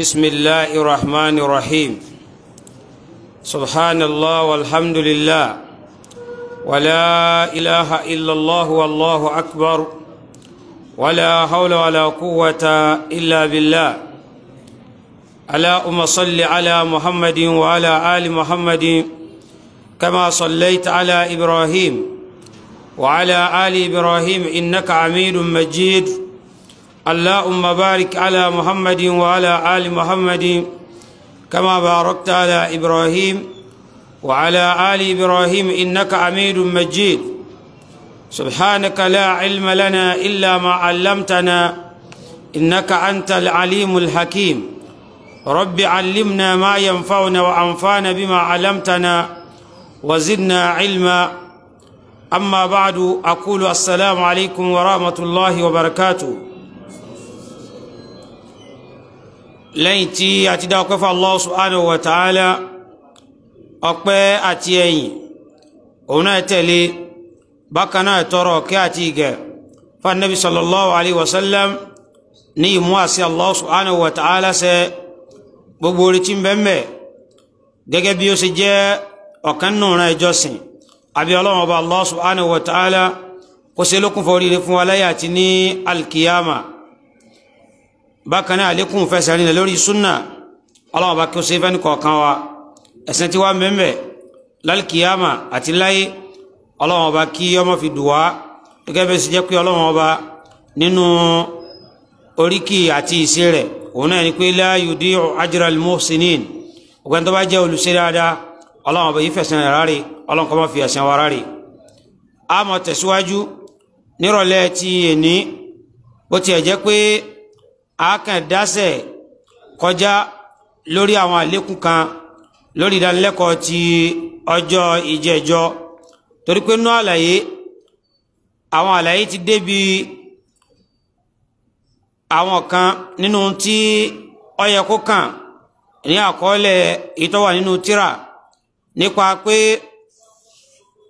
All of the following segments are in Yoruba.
بسم الله الرحمن الرحيم سبحان الله والحمد لله ولا إله إلا الله والله أكبر ولا حول ولا قوة إلا بالله ألا أم صل على محمد وعلى آل محمد كما صليت على إبراهيم وعلى آل إبراهيم إنك عميد مجيد اللهم بارك على محمد وعلى آل محمد كما باركت على إبراهيم وعلى آل إبراهيم إنك عميد مجيد سبحانك لا علم لنا إلا ما علمتنا إنك أنت العليم الحكيم رب علمنا ما ينفعنا وأنفعنا بما علمتنا وزدنا علما أما بعد أقول السلام عليكم ورحمة الله وبركاته lẹ́yìn tí a ti dá ọpẹ́ fún Allah subhanahu wa ta'ala ọpẹ́ àti ẹ̀yìn òun náà tẹ̀lé bákan náà tọrọ kí àti ìgẹ̀ fún anabi sallallahu alayhi wa sallam ní ìmú àṣẹ Allah subhanahu wa ta'ala ṣẹ gbogbo orí tí ń bẹ mẹ́ gẹ́gẹ́ bí ó ṣe jẹ́ ọ̀kan nù ràn bákan náà àlékún fẹsẹ̀ rìn lórí súnà ọlọ́run bá kí ó ṣe fẹ́ nìkọ̀ọ̀kan wa ẹ̀sìn tí wàá mẹ́mẹ́ lálkìyàmà àti láyé ọlọ́run ọba kí ọmọ fi dùn wá gẹ́gẹ́ bẹ́ẹ̀ sì jẹ́ pé ọlọ́run ọba nínú oríkì àti ìṣe rẹ̀ òun náà ni pé la yudi'u ajra al-muhsinin ọgbẹ́ni àákàn dásẹ̀ kọjá lórí àwọn àlékún kan lórí ìdánilẹ́kọ̀ọ́ ti ọjọ́ ìjẹ́jọ́ torí pé nú àlàyé àwọn àlàyé ti débi àwọn kan nínú tí ó yẹ kó kàn ní àkọọ́lẹ̀ ìtọ́wà nínú tírà nípa pé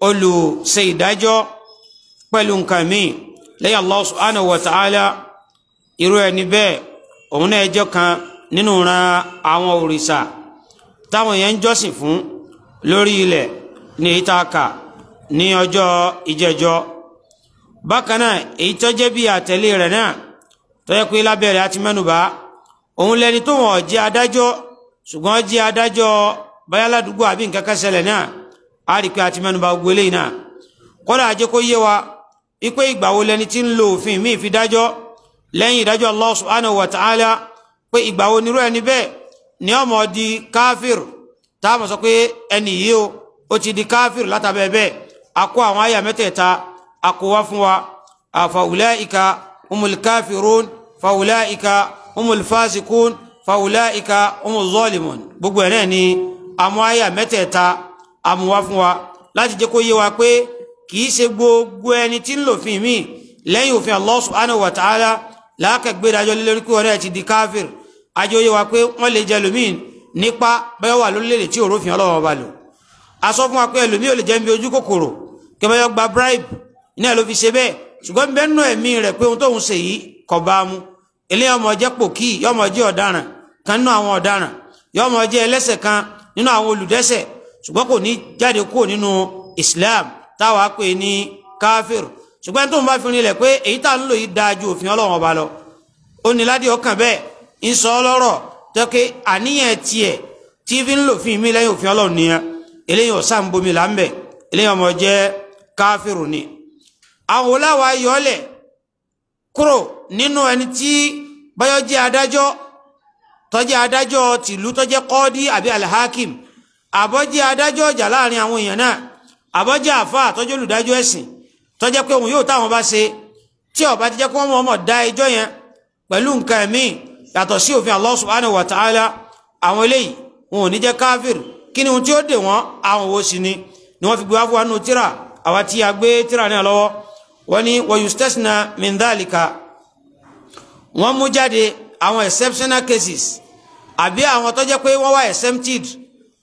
olùṣe ìdájọ́ pẹ̀lú nǹkan míì lẹ́yìn Allah subhanahu wa ta'ala irú ẹni bẹ́ẹ̀ òun náà jẹ́ kan nínú ran àwọn òrìṣà táwọn yẹn ń jọ́sìn fún lórí ilẹ̀ ní ìtaaka ní ọjọ́ ìjẹjọ́ bákan náà èyí tó jẹ́ bí àtẹ̀lé rẹ̀ náà tó yẹ pé lábẹ́rẹ́ àti mẹ́nubà òun lẹni tó wọ́n jẹ́ adájọ́ ṣùgbọ́n jẹ́ adájọ́ báyà ládùúgbò àbí nǹkan kan ṣẹlẹ̀ náà a rí pé àti mẹ́nubà gbogbo eléyìí náà kọ́dà ajé yé wa wípé ìgbà wo lẹni tí ń lo òfin míì fi dájọ́ lẹ́yìn ìdájọ́ Allah subhanahu wa ta'ala pé ìgbà wo nírú ẹni bẹ́ẹ̀ ni ọmọ di káfíìr táàmù sọ pé ẹni yìí o ó ti di káfíìr látàbẹ̀ bẹ́ẹ̀ akó àwọn àyà mẹ́tẹ̀ẹ̀ta akó wá fún wa fa ulaika humul kafirun fa ulaika humul fasikun fa ulaika humul zalimun gbogbo ẹ̀ ni àwọn àyà mẹ́tẹ̀ẹ̀ta àmúwá fún wa láti jẹ́ kó yé wa pé kì í ṣe gbogbo ẹni tí ń lòfin míì lẹ́yìn òfin Allah subhanahu wa láàkẹ́gbẹ́rẹ́ ajọ́ lórí pé ọ̀rẹ́ ti di káfíìr àjọ yé wa pé wọ́n lè jẹ́ ẹlòmíín nípa bẹ́ẹ̀ wà lórílẹ̀‐èdè tí òrófin ọlọ́wọ́ bá lò a sọ fún wa pé ò ojú kòkòrò kẹfẹ́yọ́ gba bribe iná ẹ̀ ló fi ṣe pé ohun tóun ṣe yìí bá mu ọ̀daràn kan nínú àwọn ọ̀daràn yọmọ kan nínú àwọn Islam táwa pè ṣùgbọ́n tó ń bá fi rinlẹ̀ pé èyí tá ń lò yìí dáa ju òfin ọlọ́run ọba lọ ó ní ládìí ọkàn bẹ́ẹ̀ ń sọ ọlọ́rọ̀ tọ́kẹ́ àníyàn tiẹ̀ tí fi ń lò fún mi lẹ́yìn òfin ọlọ́run nìyẹn eléyìí ọ̀sán bomi là ń bẹ̀ eléyìí ọmọ jẹ́ káfíìrù ni. àwọn oláwa yọọlẹ̀ kúrò nínú ẹni tí báyọ̀ jẹ́ adájọ́ tọ́jẹ́ adájọ́ tìlú tọ́jẹ́ kọ́ọ́dí àbí alhakim àbọ̀jẹ́ adájọ́ ọjà láàrin àwọn èèyàn náà àbọ̀jẹ́ àfa àtọ́jọ́ olùdájọ́ ẹ̀sìn tọ́jẹ́ pé òun yóò táwọn bá ṣe tí ó bá ti jẹ́ kí wọ́n mọ̀ọ́mọ̀ dá ẹjọ́ yẹn pẹ̀lú nǹkan míì yàtọ̀ sí òfin Allah subhanahu wa ta'ala àwọn eléyìí wọn ò ní jẹ́ káfíìr kí ni ohun tí ó dè wọ́n àwọn owó sí ni ni wọ́n fi gbé wá fún wa nù tíra àwa tí a gbé tíra náà lọ́wọ́ wọ́n ní wa yustasna min dhalika wọ́n mú jáde àwọn exceptional cases àbí àwọn tó jẹ́ pé wọ́n wá exempted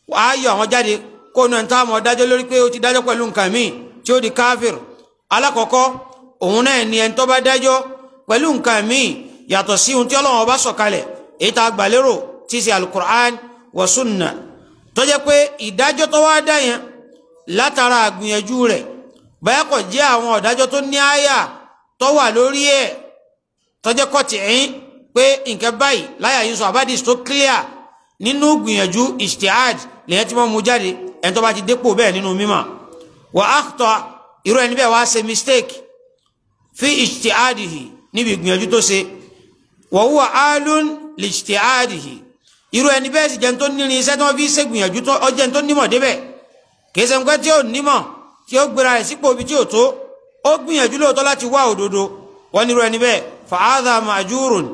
wọ́n á yọ àwọn jáde kó nu ẹ̀ńtà àwọn dájọ́ lórí pé ó ti dájọ́ pẹ̀lú nǹkan míì tí ó di káfíìr alákọ̀ọ́kọ́ òun náà ni ẹni tó bá dájọ́ pẹ̀lú nǹkan míì yàtọ̀ sí ohun tí Ọlọ́run ọba sọ̀kalẹ̀ èyí tá a gbà lérò tí ṣe alukur'an wa sunna tó jẹ́ pé ìdájọ́ tó wá dá yẹn látara àgbìyànjú rẹ̀ báyà kò jẹ́ àwọn ọ̀dájọ́ tó ní àyà tó wà lórí ẹ̀ tó jẹ́ kọ́tì ẹ̀yìn pé nǹkan báyìí láyà yìí sọ abadis tó clear nínú gbìyànjú ijtihad lèyẹn tí wọ́n mú jáde ẹni tó bá ti dépò bẹ́ẹ̀ nínú mímọ̀ wa akhta irú ẹni bẹ́ẹ̀ wá ṣe mistake fi ijtihadihi níbi ìgbìyànjú tó ṣe wa huwa alun li ijtihadihi irú ẹni bẹ́ẹ̀ sì jẹ́ tó ní irinṣẹ́ tí wọ́n fi ṣe gbìyànjú tó ọjẹ́ tó nímọ̀ débẹ̀ kì í ṣe nǹkan tí ó nímọ̀ tí ó gbéra rẹ̀ sípò ibi tí ò tó ó gbìyànjú lóòótọ́ láti wá òdodo wọ́n ní irú ẹni bẹ́ẹ̀ fa hadha ma'jurun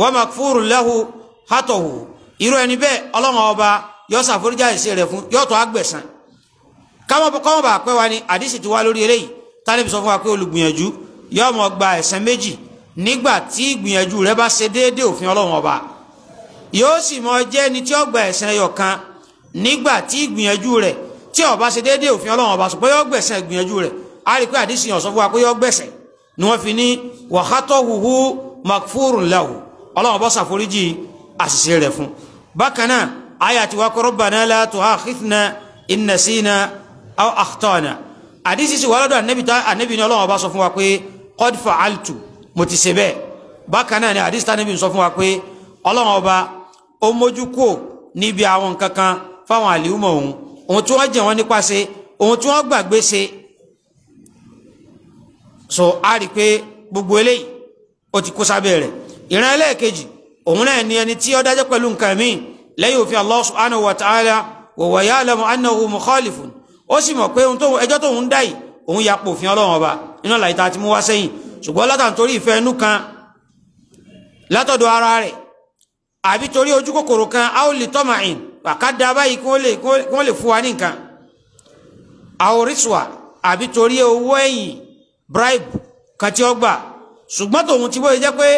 wa maghfurun lahu hatahu irú ẹni bẹ́ẹ̀ ọlọ́run ọba yọ sàforíjà ìṣe rẹ̀ fún yọ̀tọ̀ àgbẹ̀sán káwọn bá pẹ́ wa ni àdìsí ti wá lórí eléyìí tálẹ́bí sọ fún wa pé olùgbìyànjú yóò mọ̀ gba ẹ̀san méjì nígbà tí ìgbìyànjú rẹ bá ṣe déédéé òfin ọlọ́run ọba yóò sì mọ jẹ́ ẹni tí ó gba ẹ̀san ẹyọ kan nígbà tí ìgbìyànjú rẹ tí ó bá ṣe déédéé òfin ọlọ́run ọba ṣùgbọ́n yóò gbẹ̀san ìgbìyànjú rẹ a rí pé àdìsí yàn sọ fún wa pé yóò gbẹ̀san ni wọ́n fi ní wàhátọ́ aw akhtana àdísì sì wà lọ́dọ̀ ànẹ́bì tá ànẹ́bì ni ọlọ́run ọba sọ fún wa pé qad fa'altu mo ti ṣe bẹ́ẹ̀ bákan náà ni àdísì tánẹ́bì sọ fún wa pé ọlọ́run ọba ó mójú kúò níbi àwọn nǹkan fáwọn àlìhùmọ̀ òun òun tí wọ́n jẹ̀ wọ́n nípa ṣe òun tí wọ́n gbàgbé ṣe so a rí i pé gbogbo eléyìí ó ti kó sábẹ́ rẹ̀ ìran ẹlẹ́ẹ̀kejì òun náà ni ẹni tí ó dájẹ́ pẹ̀lú nǹkan míì lẹ́yìn òfin Allah subhanahu wa ta'ala wa huwa ya'lamu annahu mukhalifun ó sì mọ̀ pé ohun tóun ẹjọ́ tóun ń dá yìí òun ya pòfin ọlọ́run ọba iná làyíta ti mú wá sẹ́yìn ṣùgbọ́n látà nítorí ìfẹ́ inú kan látọ̀dọ̀ ara rẹ̀ àbí torí ojú kòkòrò kan a ó lè tọ́mà ìn àkádá báyìí kí wọ́n lè fún wa ní nǹkan àorísùwà àbí torí owó ẹ̀yìn bribe kan tí ó gbà ṣùgbọ́n tòun ti bóyá jẹ́ pé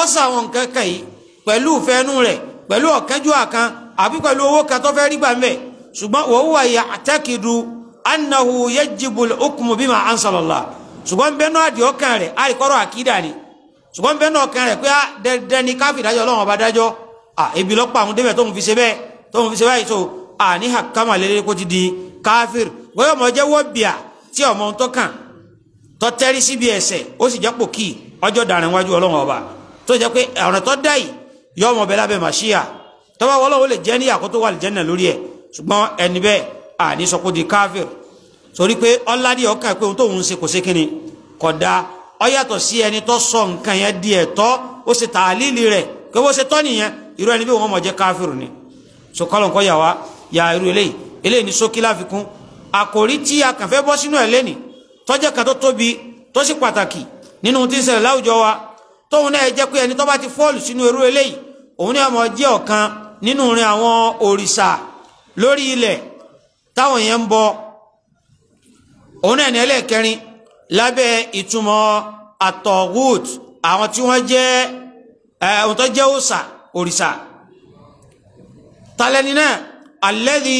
ó sàwọn nǹkan kan yìí pẹ̀lú ìfẹ́nu rẹ̀ pẹ̀lú ọ̀kánjúwà kan àbí pẹ̀lú owó kan tó fẹ́ rí gbà mẹ́ ṣùgbọ́n òun yà àtẹ́kìdù annahu yajibul hukmu bima ansalallah ṣùgbọ́n bẹ́ẹ̀ náà di ọkàn rẹ̀ àìkọ́rọ̀ àkídà ni ṣùgbọ́n bẹ́ẹ̀ náà ọkàn rẹ̀ pé ah, dandan ni káfí ìdájọ́ ọlọ́run ọba dájọ́ ebi lọ́pọ̀ àwọn débẹ̀ tóun fi ṣe bẹ́ẹ̀ tóun fi ṣe báyìí so àní hakama lélẹ́ kó ti di káfíìr wọ́n ọmọ jẹ́ wọ́bìà tí ọmọ ń tọ́kàn tọ́ tẹ́rí síbi ẹ̀sẹ̀ ó sì jẹ́ pòkì ọjọ́ dàrin wájú ọlọ́run ọba tó jẹ́ pé ọ̀ràn tó dá yìí yọ ọmọ bẹ́ẹ̀ lábẹ́ màṣíà tọ́wọ́ ọlọ́run ó lè jẹ́ níyà kó tó wà lè jẹ́ nà lórí ẹ̀ ṣùgbọ́n ẹni bẹ́ẹ̀ àní sọ kó di káfíìr torí pé ọ̀làdì ọ̀kà pé ohun tóun ṣe kò ṣe kínni kódà ó yàtọ̀ sí ẹni tó sọ nǹkan yẹn di ẹ̀tọ́ ó ṣe tààlìlì rẹ̀ pé bó ṣe tọ́ nìyẹn irú ẹni bí wọn mọ̀ jẹ́ káfíìrù ni so kọ́lọ̀ nǹkan yà wá yà irú eléyìí eléyìí ní ṣókí láfikún àkòrí tí a kàn fẹ́ bọ́ sínú ẹ̀ lẹ́nì tọ́jẹ́ kan tó tóbi tó sì pàtàkì nínú tí ń ṣẹlẹ̀ láwùjọ wa tóun náà jẹ́ pé ẹni tó bá ti fọ́ọ̀lù sínú irú eléyìí òun náà mọ̀ jẹ́ ọ̀kan nínú rin àwọn òrìṣà lórí ilẹ̀ táwọn yẹn ń bọ òun náà ní ẹlẹ́ẹ̀kẹrin lábẹ́ ìtumọ̀ àtọ̀wùt àwọn tí wọ́n jẹ́ ohun tó jẹ́ òòṣà òrìṣà talẹ́ni náà alladhi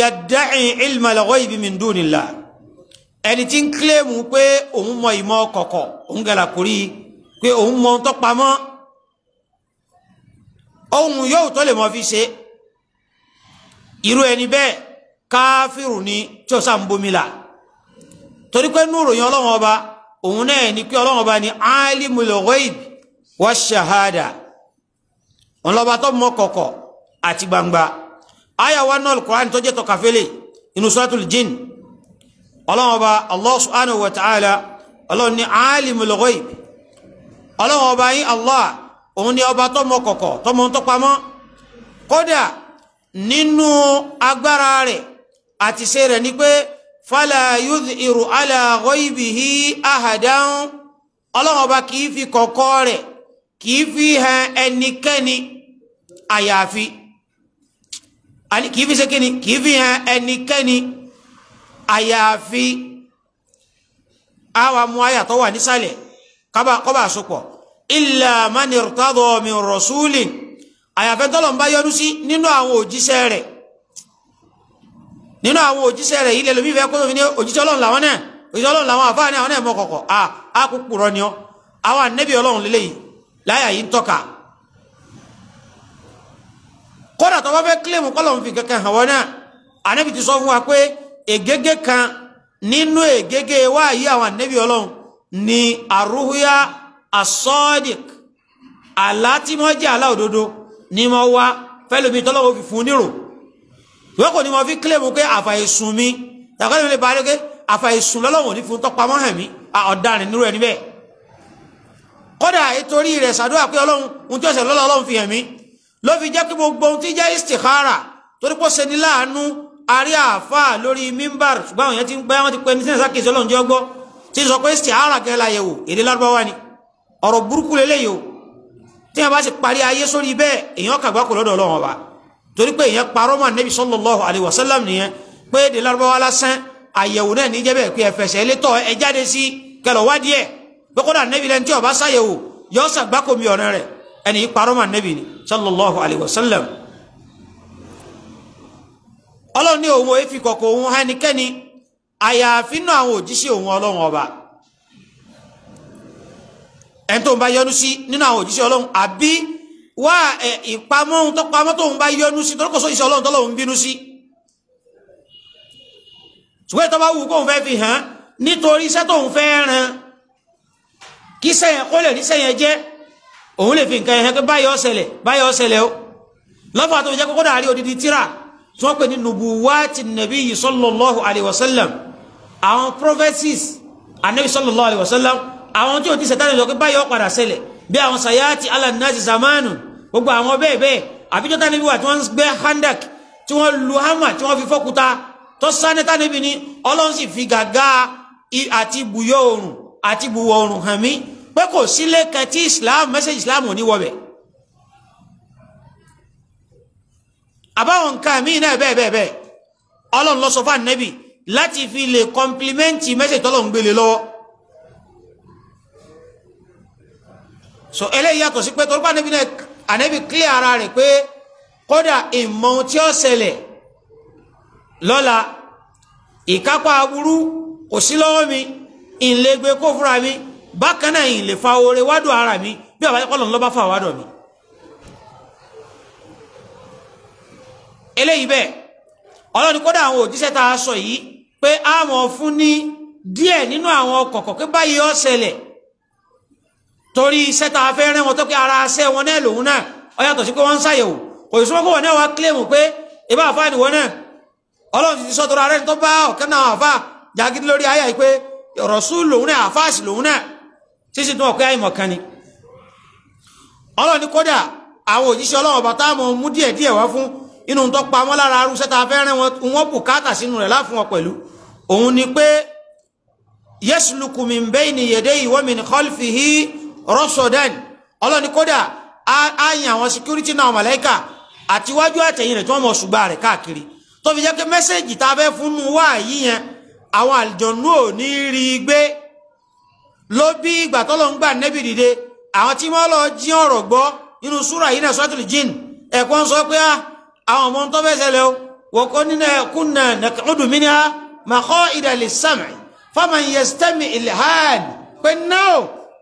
yadda'i ilma al-ghaybi min dunillah ẹni tí ń kílèmù pé òun mọ ìmọ̀ kọ̀kọ̀ òun gàlà kò rí pé òun mọ ohun tó pamọ́ ohun yóò tó lè mọ fi ṣe irú ẹni bẹ́ẹ̀ káfíìrù ni tí ó sá bomi là torí pé nínú ìròyìn ọlọ́wọ́n ọba òun náà ni pé ọlọ́wọ́n ọba ni alimul ghaib wa shahada ọlọ́ba tó mọ kọ̀kọ̀ àti gbangba aya wa náà Al-Qur'an tó jẹ́ tọkàfẹ́lẹ̀ inú suratul jinn ọlọ́wọ́n ọba Allah subhanahu wa ta'ala ọlọ́wọ́n ni alimul ghaib ọlọ́wọ́n ọba yín Allah òun ni ọba tó mọ kọ̀kọ̀ tó mọ tó pamọ́ kódà nínú agbára rẹ̀ àti ṣe rẹ̀ ni pé fala yudhiru ala ghaibihi ahadan ọlọ́run ọba kì í fi kọ̀kọ́ rẹ̀ kì í fi hàn ẹnikẹ́ni àyàfi kì í fi ṣe kíni kì í fi hàn ẹnikẹ́ni àyàfi àwa mu àyà tó wà nísàlẹ̀ kọ́bà àsopọ̀ illa man irtadha min rasulin àyàfẹ́ tọ́lọ̀ yọdún sí nínú àwọn òjíṣẹ́ rẹ̀. nínú àwọn òjíṣẹ́ rẹ̀ ilẹ̀ lómi ìfẹ́ kó tóbi ní òjíṣẹ́ ọlọ́run làwọn náà òjíṣẹ́ ọlọ́run làwọn àfáà náà àwọn kọ̀kọ̀ à á kú ni ọ àwọn ànẹ́bí ọlọ́run láyà yìí ń tọ́ka kódà tó bá fẹ́ fi kankan hàn wọ́n náà ti sọ fún wa pé kan nínú ègégé wáyé àwọn ànẹ́bí ọlọ́run ni àrùhúyá asọ́ọ̀dìk àlá tí mo jẹ́ àlá ni ìwọ́n kò ní mo fi kílèmù pé àfàìsùn mi ìyàgbọ́n mi lè ba lókè àfàìsùn lọ́lọ́wọ̀n ní fún tọ́pamọ́ hàn mí ọ̀daràn nírú ẹni bẹ́ẹ̀ kódà nítorí rẹ̀ ṣàdúrà pé ọlọ́run ohun tí ó ṣe lọ́lọ́ ọlọ́run fi hàn mí ló fi jẹ́ kí gbogbo ohun tí jẹ́ istikhara torí pé ó ṣe ní láàánú arí àáfà lórí mímbàr ṣùgbọ́n àwọn yẹn ti ń gbẹ́ wọ́n ti pẹ́ ní sẹ́yìn sákèsí ọlọ́run jẹ́ torí pé ìyẹn parọ́ mọ́ Ànábì sallallahu alaihi wasallam nìyẹn pé èdè Lárúbáwá lásán àyẹ̀wò náà ní jẹ́bẹ̀ pé ẹ̀fẹ̀sẹ̀ elétọ̀ ẹ jáde sí kẹlọ̀ wádìí ẹ̀ pé kódà Ànábì lẹ́ni tí ó bá ṣàyẹ̀wò yọ sàgbákò mi ọ̀rẹ́ rẹ̀ ẹni parọ́ mọ́ Ànábì sallallahu alaihi wasallam ọlọ́run ní òun èéfì kọ̀kọ̀ òun wá ẹ ìpamọ́ ohun tó pamọ́ tóun bá yọnu sí torí kò sọ iṣẹ́ ọlọ́run tọ́lọ́run bínú sí ṣùgbọ́n ìtọ́ bá wù kóun fẹ́ fi hàn nítorí iṣẹ́ tóun fẹ́ ran kí sẹ́yìn kó lè ní sẹ́yìn jẹ́ òun lè fi nǹkan ẹ̀hẹ́ pé báyọ̀ ọ̀sẹ̀lẹ̀ báyọ̀ ọ̀sẹ̀lẹ̀ o lọ́fà tó fi jẹ́ kókó dàrí odidi tíra tí wọ́n pè ní nubuwati nabiyyi sallallahu alayhi wa sallam àwọn prophecies anabi sallallahu alayhi wa sallam àwọn tí o ti sẹ̀tàn lọ pé báyọ̀ padà ṣẹlẹ̀ bí àwọn sayati ala nasi zamanu gbogbo àwọn bẹ́ẹ̀ bẹ́ẹ̀ àfijọ́ tá níbi wà tí wọ́n ń gbé handak tí wọ́n lu hama tí wọ́n fi fọ́kuta tó sáré tá níbi ni ọlọ́run sì fi gàgá àti bùyọ̀ oòrùn àti bùwọ̀ oòrùn hàn mí pé kò sílé kan islam mẹ́sẹ̀jì islam ò ní wọbẹ̀ àbáwọn nǹkan míì náà bẹ́ẹ̀ bẹ́ẹ̀ bẹ́ẹ̀ ọlọ́run lọ sọ fún ànábì láti fi lè kọ́ńpìlímẹ́ǹtì mẹ́sẹ̀jì tọ́lọ́run gbélé lọ́wọ́. so eléyìí yàtọ̀ sí pé torí pé ànábì náà ànábì clear ara rẹ̀ pé kódà ìmọ̀ ohun tí ó ṣẹlẹ̀ lọ́la ìkápá aburú kò sí lọ́wọ́ mi ìlégbé kó fúnra mi bákan náà ìlè fa oore wádùn ara mi bí àbáyé kọ́ lọ́n lọ́ba fà wádùn mi. eléyìí bẹ́ẹ̀ ọlọ́ni kódà àwọn òjíṣẹ́ tá a sọ yìí pé a fún ní díẹ̀ nínú àwọn ọkọ̀ọ̀kọ̀ pé báyìí ó ṣẹlẹ̀ torí iṣẹ́ tá a wọn tó kí ara aṣẹ́ wọn náà lòun náà sí pé wọ́n ń ṣàyẹ̀wò kò wọn náà wá kílèmù pé ìbá wọn náà ọlọ́run ti sọ tọrọ arẹ́ni tó bá ọ̀kan náà àfa jagidi lórí ayé àyè pé lòun náà lòun náà ni. ọlọ́run ní kódà àwọn òjíṣẹ́ ọlọ́run bàtà mú díẹ̀ díẹ̀ rọ́sọ̀dán ọlọ́ni kódà á yan àwọn security náà màláìkà àtiwájú àtẹ̀yìn rẹ̀ tí wọ́n mọ̀ ṣùgbọ́n rẹ̀ káàkiri tó fi jẹ́ pé mẹ́sẹ̀gì tá a fẹ́ fún nu wá yìí yẹn àwọn àlùjọ̀nù ò ní rí i gbé ló bí ìgbà tọ́lọ́ ń gbà nẹ́bì dìde àwọn tí wọ́n lọ jí ọ̀rọ̀ gbọ́ nínú súrà yìí náà suratul jinn ẹ̀kọ́ ń sọ pé ah, àwọn ọmọ tó fẹ́ ṣẹlẹ̀ o wọ́n kọ́ nínú kunna naq'udu minha maq'ida lis-sam'i faman yastami' al-han pé náà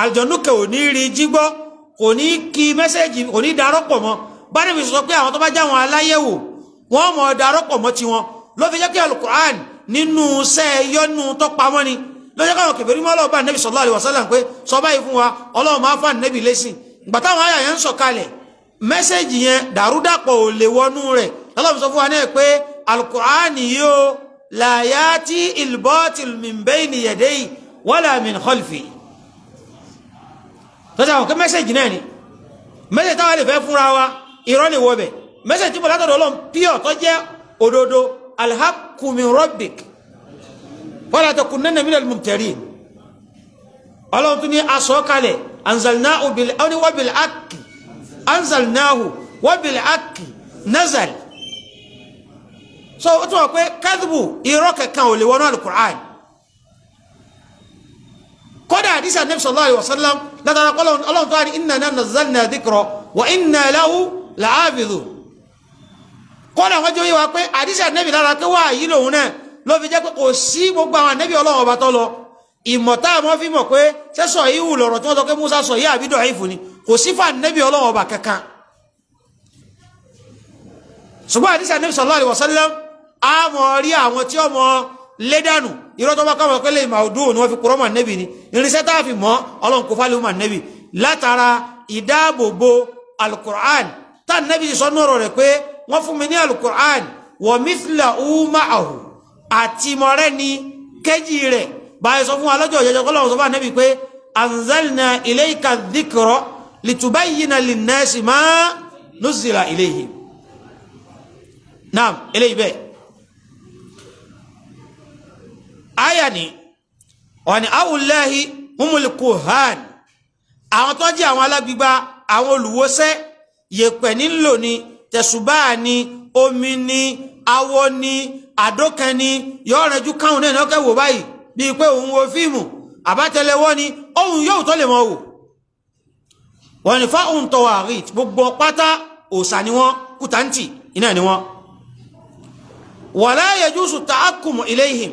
àlùjọ̀nù kẹ ò ní rí jígbọ́ kò ní kí mẹ́sẹ̀jì kò ní darọ́pọ̀ mọ́ bá níbi sọ pé àwọn tó bá já wọn aláyẹ̀wò wọ́n mọ̀ darọ́pọ̀ mọ́ tiwọn ló fi jẹ́ pé alukur'an nínú sẹ́ yọnu tó pamọ́ ni ló jẹ́ káwọn kẹfẹ́ rímọ́ ọlọ́ọ̀bá nẹ́bí sallallahu alaihi wasallam pé sọ báyìí fún wa ọlọ́run máa fà nẹ́bí lẹ́sìn ìgbà táwọn àyà yẹn ń sọ kalẹ̀ mẹ́sẹ̀jì yẹn dàrúdàpọ̀ ò lè wọnú rẹ̀ lọ́lọ́run sọ fún wa náà pé alukur'an yìí o làyàtì ìlbọ́tì min bayni yadayhi wala tọ́jà àwọn kí mẹ́sẹ̀jì náà ni mẹ́sẹ̀jì táwọn lè fẹ́ fúnra wa irọ́ ni wọ́ bẹ̀ mẹ́sẹ̀jì bọ̀ látọ̀dọ̀ ọlọ́run píọ̀ tó jẹ́ òdodo alhaqqu min rabbik wala takunanna minal mumtarin ọlọ́run kódà àdìsí anabi sallallahu alayhi wa sallam látara kọ́ ọlọ́run tó wà ní inna nazzalna dhikra wa inna lahu la'abidhu kódà wọ́n jẹ́ wíwá pé àdìsí anabi lára pé wà yí lòun náà ló fi jẹ́ pé kò sí gbogbo àwọn anabi ọlọ́run ọba tó lọ ìmọ̀ tá a mọ̀ fi mọ̀ pé sẹ́sọ̀ yìí wù lọ̀rọ̀ tí wọ́n sọ pé Musa sọ yìí àbí dọ̀ọ́yìfù ni kò lédànù irọ́ tó bá káwọn ọ̀kẹ́lẹ̀ ìmàdùn ni wọ́n fi kúrọ́ mà nẹ́bì ni irinṣẹ́ tá a fi mọ́ ọlọ́run kò fálẹ̀ mà nẹ́bì látara ìdáàbòbò alukur'an tá a nẹ́bì sọ nọ́ọ̀rọ̀ rẹ̀ pé wọ́n fún mi ní alukur'an wa mithlahu ma'ahu àti mọ̀rẹ́ ni kéjì rẹ̀ báyìí sọ fún wa lọ́jọ́ ìjọjọ́ kọ́ sọ fún ànẹ́bì àyà ni ọ̀ni awùlẹ́hì humulikurhan àwọn tó jẹ́ àwọn alágbígbá àwọn olùwọ́sẹ́ yèpẹ̀ nílò ni tẹ̀sùbá ni omi ni awọ ni àdókan ni yọ̀ọ́rẹ́jú káwọn náà lọ́kẹ́ wò báyìí bíi pé òun wo fíìmù àbátẹlẹwọ́ ni ohun yóò tó lè mọ́ wò wọ́n ni fáwọn tọwà rí gbogbo pátá òòsà ni wọ́n kútàǹtì iná ni wọ́n wala yajusu ta'akkumu ilayhim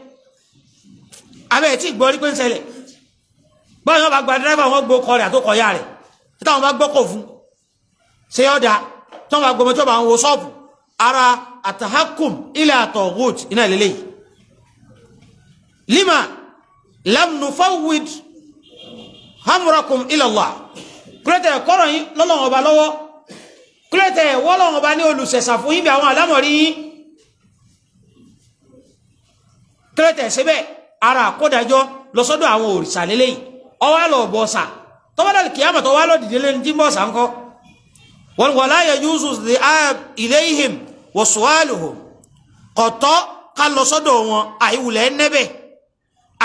abẹ́ ẹ̀ tí ì gbọ́ rí pé ń ṣẹlẹ̀ báwọn bá gba dírẹ́fà wọn gbó kọ rẹ̀ àtọkọ ya rẹ̀ táwọn bá gbọ́kọ̀ fún ṣé yọ da táwọn bá gbọmọ tí wọn bá ń wo ṣọ́ọ̀bù ara àtàhákùm ilẹ̀ àtọ̀gùt iná ìlélẹ̀ yìí lima lamnufawid hamurakum ilallah kúrẹ́tẹ̀ kọ́rọ̀ yín lọ́lọ́wọ́n ọba lọ́wọ́ kúrẹ́tẹ̀ wọ́lọ́wọ́n ọba ní olùṣẹ̀ṣà fún yín bí àwọn àlámọ̀rí yín kúrẹ́tẹ̀ síbẹ̀ ara àkódájọ́ lọ́sọ́dọ̀ àwọn òrìṣà lélẹ́yìí ọwọ́ lọ bọ̀ọ̀sà tọ́wọ́dà kìyàmà tọ́wọ́ lọ dìde lẹ́ni tí bọ̀ọ̀sà ń kọ́ wọn wọlá yẹ yúzù ṣe á ilayhim wọ su'aluhum kọ̀tọ́ ká lọ́sọ́dọ̀ wọn àìwùlẹ̀ nẹ́bẹ̀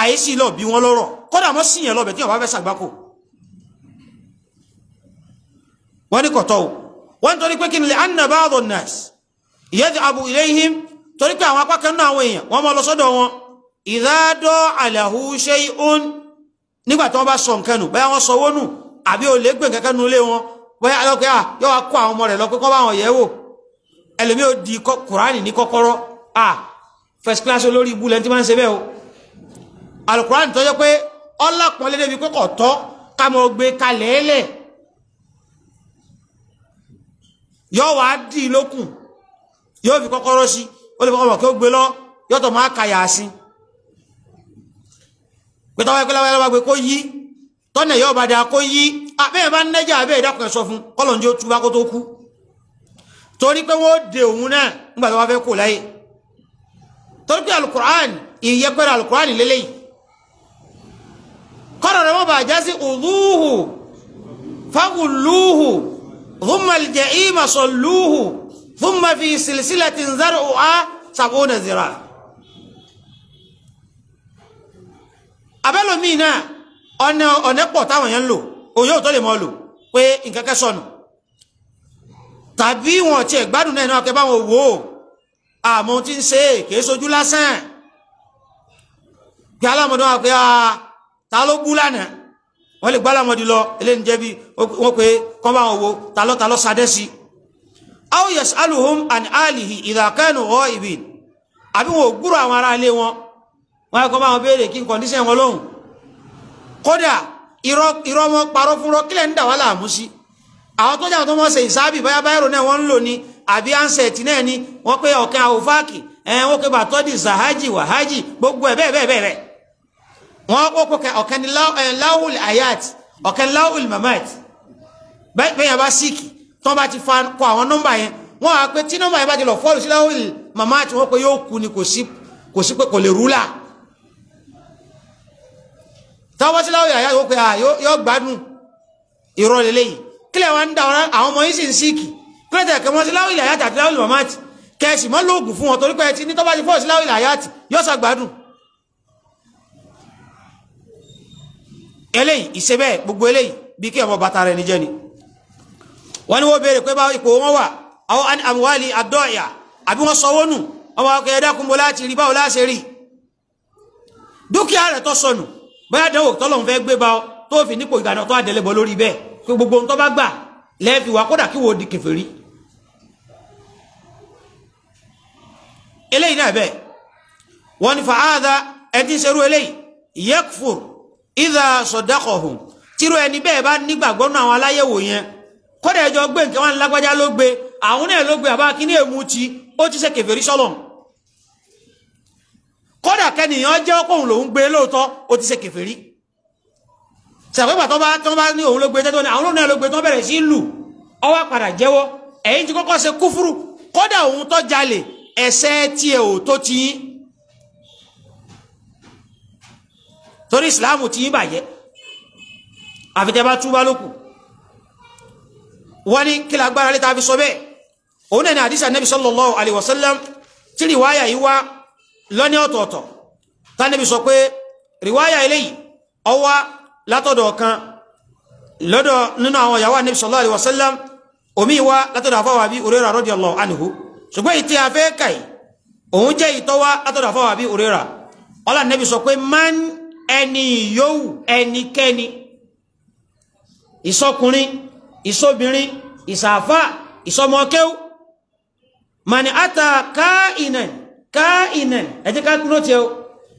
àìsí lọ bí wọn lọ́rọ̀ kọ́dà mọ́ síyàn lọ bẹ̀ tí wọn bá fẹ́ sàgbákò wọ́n ní kọ̀tọ́ o wọ́n ń torí pé kí ni lè anna ba'd an-nas yadhabu ilayhim torí pé àwọn apá kan àwọn èèyàn wọ́n mọ́ lọ́sọ́dọ̀ wọn ìdádọ́ àlàhù ṣe ón nígbà tí wọ́n bá sọ nǹkan nù bóyá wọ́n sọ owó nù àbí olè gbé nǹkan kan ilé wọn bóyá alọ́pẹ́ à yọ wá kó àwọn ọmọ rẹ̀ lọ pé kọ́ bá wọn yẹ̀ wò ẹlòmí ò di kùránì ní kọ́kọ́rọ́ à ah, first class olórí ibu lẹ́ni tí máa ń ṣe bẹ́ẹ̀ o alùkùránì tọ́jọ́ pé ọlọ́pọ̀ lédè bíi kọ́kọ́ tọ́ ká mọ gbé kalẹ̀ ẹlẹ̀ yọ wá dì í lókùn yóò fi kọ́kọ́rọ́ sí ó lè fọwọ́ kí ó gbé lọ yọ́tọ̀ máa kàyà sí i pẹ̀tọ́ wáyé pẹ́lá wáyé pé kó yí tọ́nà yóò bá dáa kó yí abẹ́yẹn bá ń nẹ́jà abẹ́yẹ dákun ẹ̀ sọ fún kọ́lọ̀njó túbá kó tó kú torí pé wọ́n de òun náà nígbà tó wá fẹ́ kó láyé torí pé alukur'an ìyẹpẹ̀rẹ̀ alukur'an lélẹ́yìí kọ́rọ̀ rẹ̀ wọ́n bá já sí òdúhù fagulúhù thummaljẹ́ ìmàsọ̀lúhù thumma fi tìǹzẹ́rù ọ̀há abẹ́lòmíì náà ọ̀nà ọ̀nà pọ̀ táwọn èèyàn ń lò òye ò tó lè mọ lò pé nǹkan kẹ́ sọnù tàbí wọn tiẹ̀ gbádùn náà náà kẹ́ báwọn wò ó àmọ́ tí ń ṣe kìí sojú lásán gbé alámọ̀dé wọn pé ta ló bú lánàá wọn lè gbá alámọ̀dé lọ eléyìí jẹ́ bí wọn pé kọ́ báwọn wò ta ló ta ló sadẹ́ sí i aw yasaluhum an alihi idha kanu ghaibin àbí wọn ò gbúrò àwọn ará ilé wọn wọn yẹ kó bá wọn béèrè kí n kọ́ndíṣẹ̀ wọn lóhùn kódà irọ́ irọ́ wọn parọ́ fúnrọ́ kílẹ̀ ń dà wá láàmú sí àwọn tó jà tó wọ́n ṣe ìsáàbì báyà báyàrò náà wọ́n ń lò ní àbí ansẹ̀tì náà ni wọ́n pé ọ̀kan àwòfáàkì ẹ̀ẹ́n wọ́n pé bàtọ́dì zahaji wàhájì gbogbo ẹ̀ bẹ́ẹ̀ bẹ́ẹ̀ bẹ́ẹ̀ bẹ́ẹ̀ wọ́n kó kọkẹ́ ọ̀kan ní láwùl ayat ọ̀kan láwùl mamat bẹ́ẹ̀ yẹn bá síkì tó bá ti fa kọ àwọn nọ́mbà yẹn wọ́n á pé tí nọ́mbà yẹn bá ti lọ fọ́ọ̀lù sí láwùl mamat wọ́n pé yóò kú ni kò sí pé kò lè rúlà tọ́wọ́síláwò yàyà yóò pé yóò gbádùn ìrọ̀ lélẹ́yìn kílẹ̀ wọn ń da ọ̀rá àwọn ọmọ yìí sì ń síìkì kílẹ̀ tẹ̀ kẹ́ mọ́síláwò yàyà tàbí láwò màmá tì kẹ́sì mọ́ lóògùn fún wọn torí pé ẹtì ní tọ́ba ti fọ́ọ̀síláwò yàyà tì yóò sọ gbádùn. eléyìí ìṣe bẹ́ẹ̀ gbogbo eléyìí bí kí ọmọ bàtà rẹ̀ níjẹ́ ni. wọ́n ní wọ́n béèrè pé ipò wọn wà dúkìá rẹ̀ tó sọnù bóyá dánwò tọ́lọ̀ ń fẹ́ gbé bá ọ tó fi nípò ìgbàna tó àdẹ́lẹ́bọ lórí bẹ́ẹ̀ pé gbogbo ohun tó bá gbà lẹ́ẹ̀fi wá kódà kí wo di kèfèrí eléyìí náà bẹ́ẹ̀ wọ́n ní fàáza ẹtí ń serú eléyìí yẹ́kfùr ìdá ẹni bẹ́ẹ̀ bá àwọn yẹn kódà ẹjọ́ gbé nǹkan wọn lágbájá ló gbé kódà kẹ́nìyàn jẹ́ ọkọ̀hún lòún gbé lóòótọ́ ó ti ṣe kèfèrí ṣàpẹ́gbà tó bá tó bá ní òun ló gbé tẹ́tọ́ ni àwọn náà ló gbé tó bẹ̀rẹ̀ sí lù ọwọ́ padà jẹ́wọ́ ẹ̀yìn ti kọ́kọ́ ṣe kúfúrú kódà òun tó jalè ẹ̀ṣẹ̀ tiẹ̀ ò tó ti yín torí ìsìláàmù ti yín bàjẹ́ àfitẹ́ bá túbá lókù wọ́n ní kí la gbára fi sọ bẹ́ẹ̀ òun náà ní àdìsí Ànábì sallallahu alaihi wasallam tí rìwáyà yìí wá lọ́ní ọ̀tọ̀ọ̀tọ̀ tánàbí sọ pé riwaya eléyìí ọwá látọ̀dọ̀ kan lọ́dọ̀ nínú àwọn ìyàwó Ànábì sallallahu alaihi wasallam omi wá látọ̀dọ̀ àfáwà bí Hurairah radiyallahu anhu ṣùgbọ́n ìtì afẹ́ kàì òun jẹ́ ìtọ́wá látọ̀dọ̀ àfáwà bí Hurairah ọlá Ànábì sọ pé man ẹni yòówù ẹnikẹ́ni ìsọkùnrin ìsọbìnrin ìsàfà ìsọmọkẹ́wù man ata káìnàn ka ẹ̀jẹ̀ ká kúrò tí ó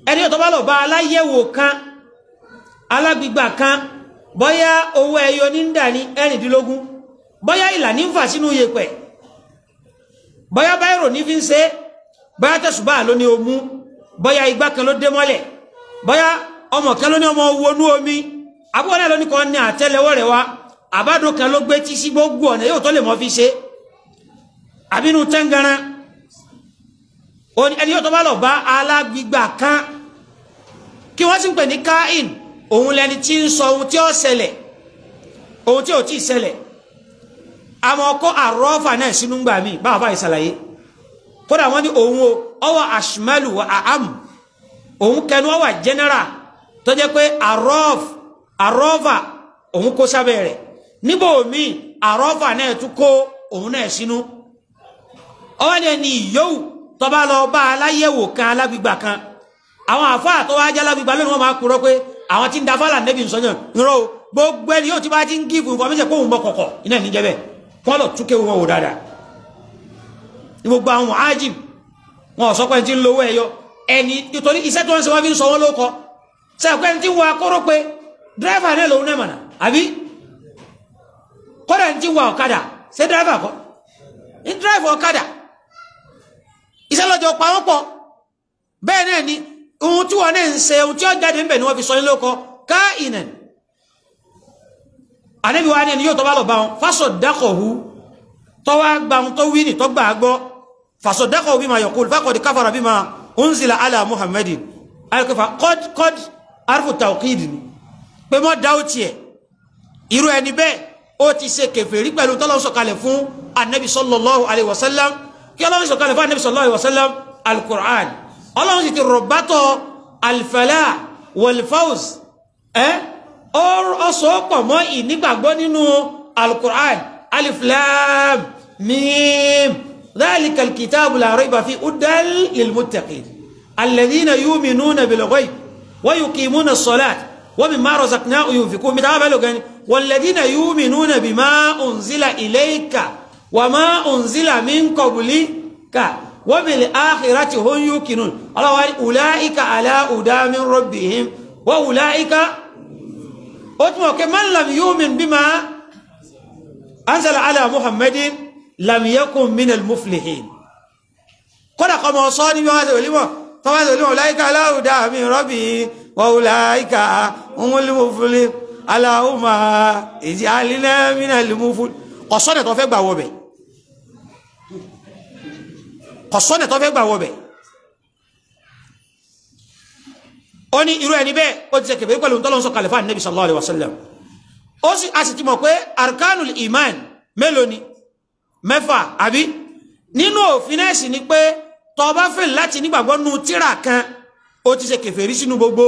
ẹni ọ̀tọ́ bá lọ bá aláyẹ̀wò kan alágbígbà kan bọ́yá owó ẹyọ ní ń dà ní ẹ̀rìndínlógún bọ́yá ìlà ní ń fà sínú yẹ̀pẹ̀ bọ́yá báyìrò ní fi ń ṣe omú bọ́yá igbá kan ló dé mọ́lẹ̀ bọ́yá ọmọ kan ló ní ọmọ owó omi àbúrò ló ní kan ní àtẹ́lẹwọ́ rẹ̀ wá kan ló gbé tí sí gbogbo ọ̀nà yóò tó lè ó ní ẹni yóò tó bá lọ bá alágbígbà kan kí wọ́n sì ń pè ní káìn òun lẹni tí ń sọ ohun tí ó ṣẹlẹ̀ ohun tí ò tí ì ṣẹlẹ̀ àmọ́ kó àrọ́fà náà sínú gbà mí báwa bá ìṣàlàyé kódà wọ́n ní òun o ọwọ́ àṣùmẹ́lù àhám òun kẹnu ọwọ́ general tó jẹ́ pé àrọ́f àrọ́fà òun kó sábẹ́ rẹ̀ níbo mi àrọ́fà náà tún kó òun náà sínú ọwọ́ ni ẹni ìyóò tọba lọ bá aláyẹ̀wò kan alágbègbà kan àwọn àfáà tó wájá alágbègbà lónìí wọn máa kúrò pé àwọn tí ń da fálà nẹ́bí nsọ́yàn irọ́ o gbogbo ẹni yóò ti bá ti ń gífù information kóhùn bọ́ kọ̀kọ̀ iná ní jẹ́bẹ̀ kọ́ lọ túnkẹ́ wọn wò dáadáa ní gbogbo àwọn ájìm wọn sọ pé ti ń lówó ẹyọ ẹni nítorí iṣẹ́ tí wọ́n ń ṣe fi ń sọ wọ́n ló kọ́ sẹ́pẹ́ ti ń wọ akóró pé dírẹ́fà náà lòun náà mọ̀nà àbí kọ́dà ti ń wọ ọ̀kadà ṣé dírẹ́fà kọ́ ní dírẹ́fà ọ̀kadà iṣẹ́ lọ́jọ́ pa wọ́n pọ̀ bẹ́ẹ̀ náà ni ohun tí wọ́n náà ń ṣe ohun tí ó jáde ń bẹ̀ ni wọ́n fi sọ yín lóko ká ìnẹ̀ ànábì wa ni ẹni yóò tọ́ bá lọ bá wọn fásọ̀ hu tọ́wọ́ gba ohun tó wí ni tó gbọ́ fásọ̀ hu bí ma yọ̀kú fákọ̀dì káfàrà bí ma unzila ala muhammadin alikufa kọ́d kọ́d arfu tawkid ni pé mọ́ dáwọ́ tiẹ̀ irú ẹni bẹ́ẹ̀ ó ti ṣe kèfèrí pẹ̀lú tọ́lọ́sọ̀kalẹ̀ fún ànábì sallallahu alaihi wasallam kí ọlọ́run sọ̀kalẹ̀ fún anabi sallallahu alayhi wa sallam alukur'an ọlọ́run sì ti rọ̀bátọ̀ alifalá wọlifáwùs ẹ ọsọ pọ̀ mọ́ ìnígbàgbọ́ nínú alukur'an aliflam mim ذلك الكتاب لا ريب فيه هدى للمتقين الذين يؤمنون بالغيب ويقيمون الصلاة ومما رزقناه ينفقون بتعب والذين يؤمنون بما أنزل إليك wàmá ònzílà mi ń kọ̀bùlí kà wọ́n mi lè áhìrá tí ó ń yóò kinu ọlọ́wà ùláìka aláùdámi rọ́bìhìm wọ́n ùláìka ó túnmọ̀ kí man lam yu'min bima anzala ala muhammadin lam yakun minal muflihin kódà kọ́ mọ̀ sọ́ níbi wọn àti olímọ̀ tọ́wọ́ àti olímọ̀ ùláìka aláùdámi rọ́bìhìm wọ́n ùláìka ń wọ́n lè mufli aláwùmá ìjì alínà mínal mufli ọ̀sọ́nà tó fẹ́ gbà wọ̀bẹ̀ ọ̀sọ́nà tó fẹ́ gbà wọ̀bẹ̀ ó ní irú ẹni bẹ́ẹ̀ ó ti ṣe kèfèrí pẹ̀lú tọ́lọ́ sọ kàlífà níbi sallallahu alaihi wasallam ó sì a sì ti mọ̀ pé arkanul iman mélòó ni mẹ́fà àbí nínú òfin náà sì ni pé tó bá fẹ́ láti nígbàgbọ́ nu tíra kan ó ti ṣe kèfèrí sínú gbogbo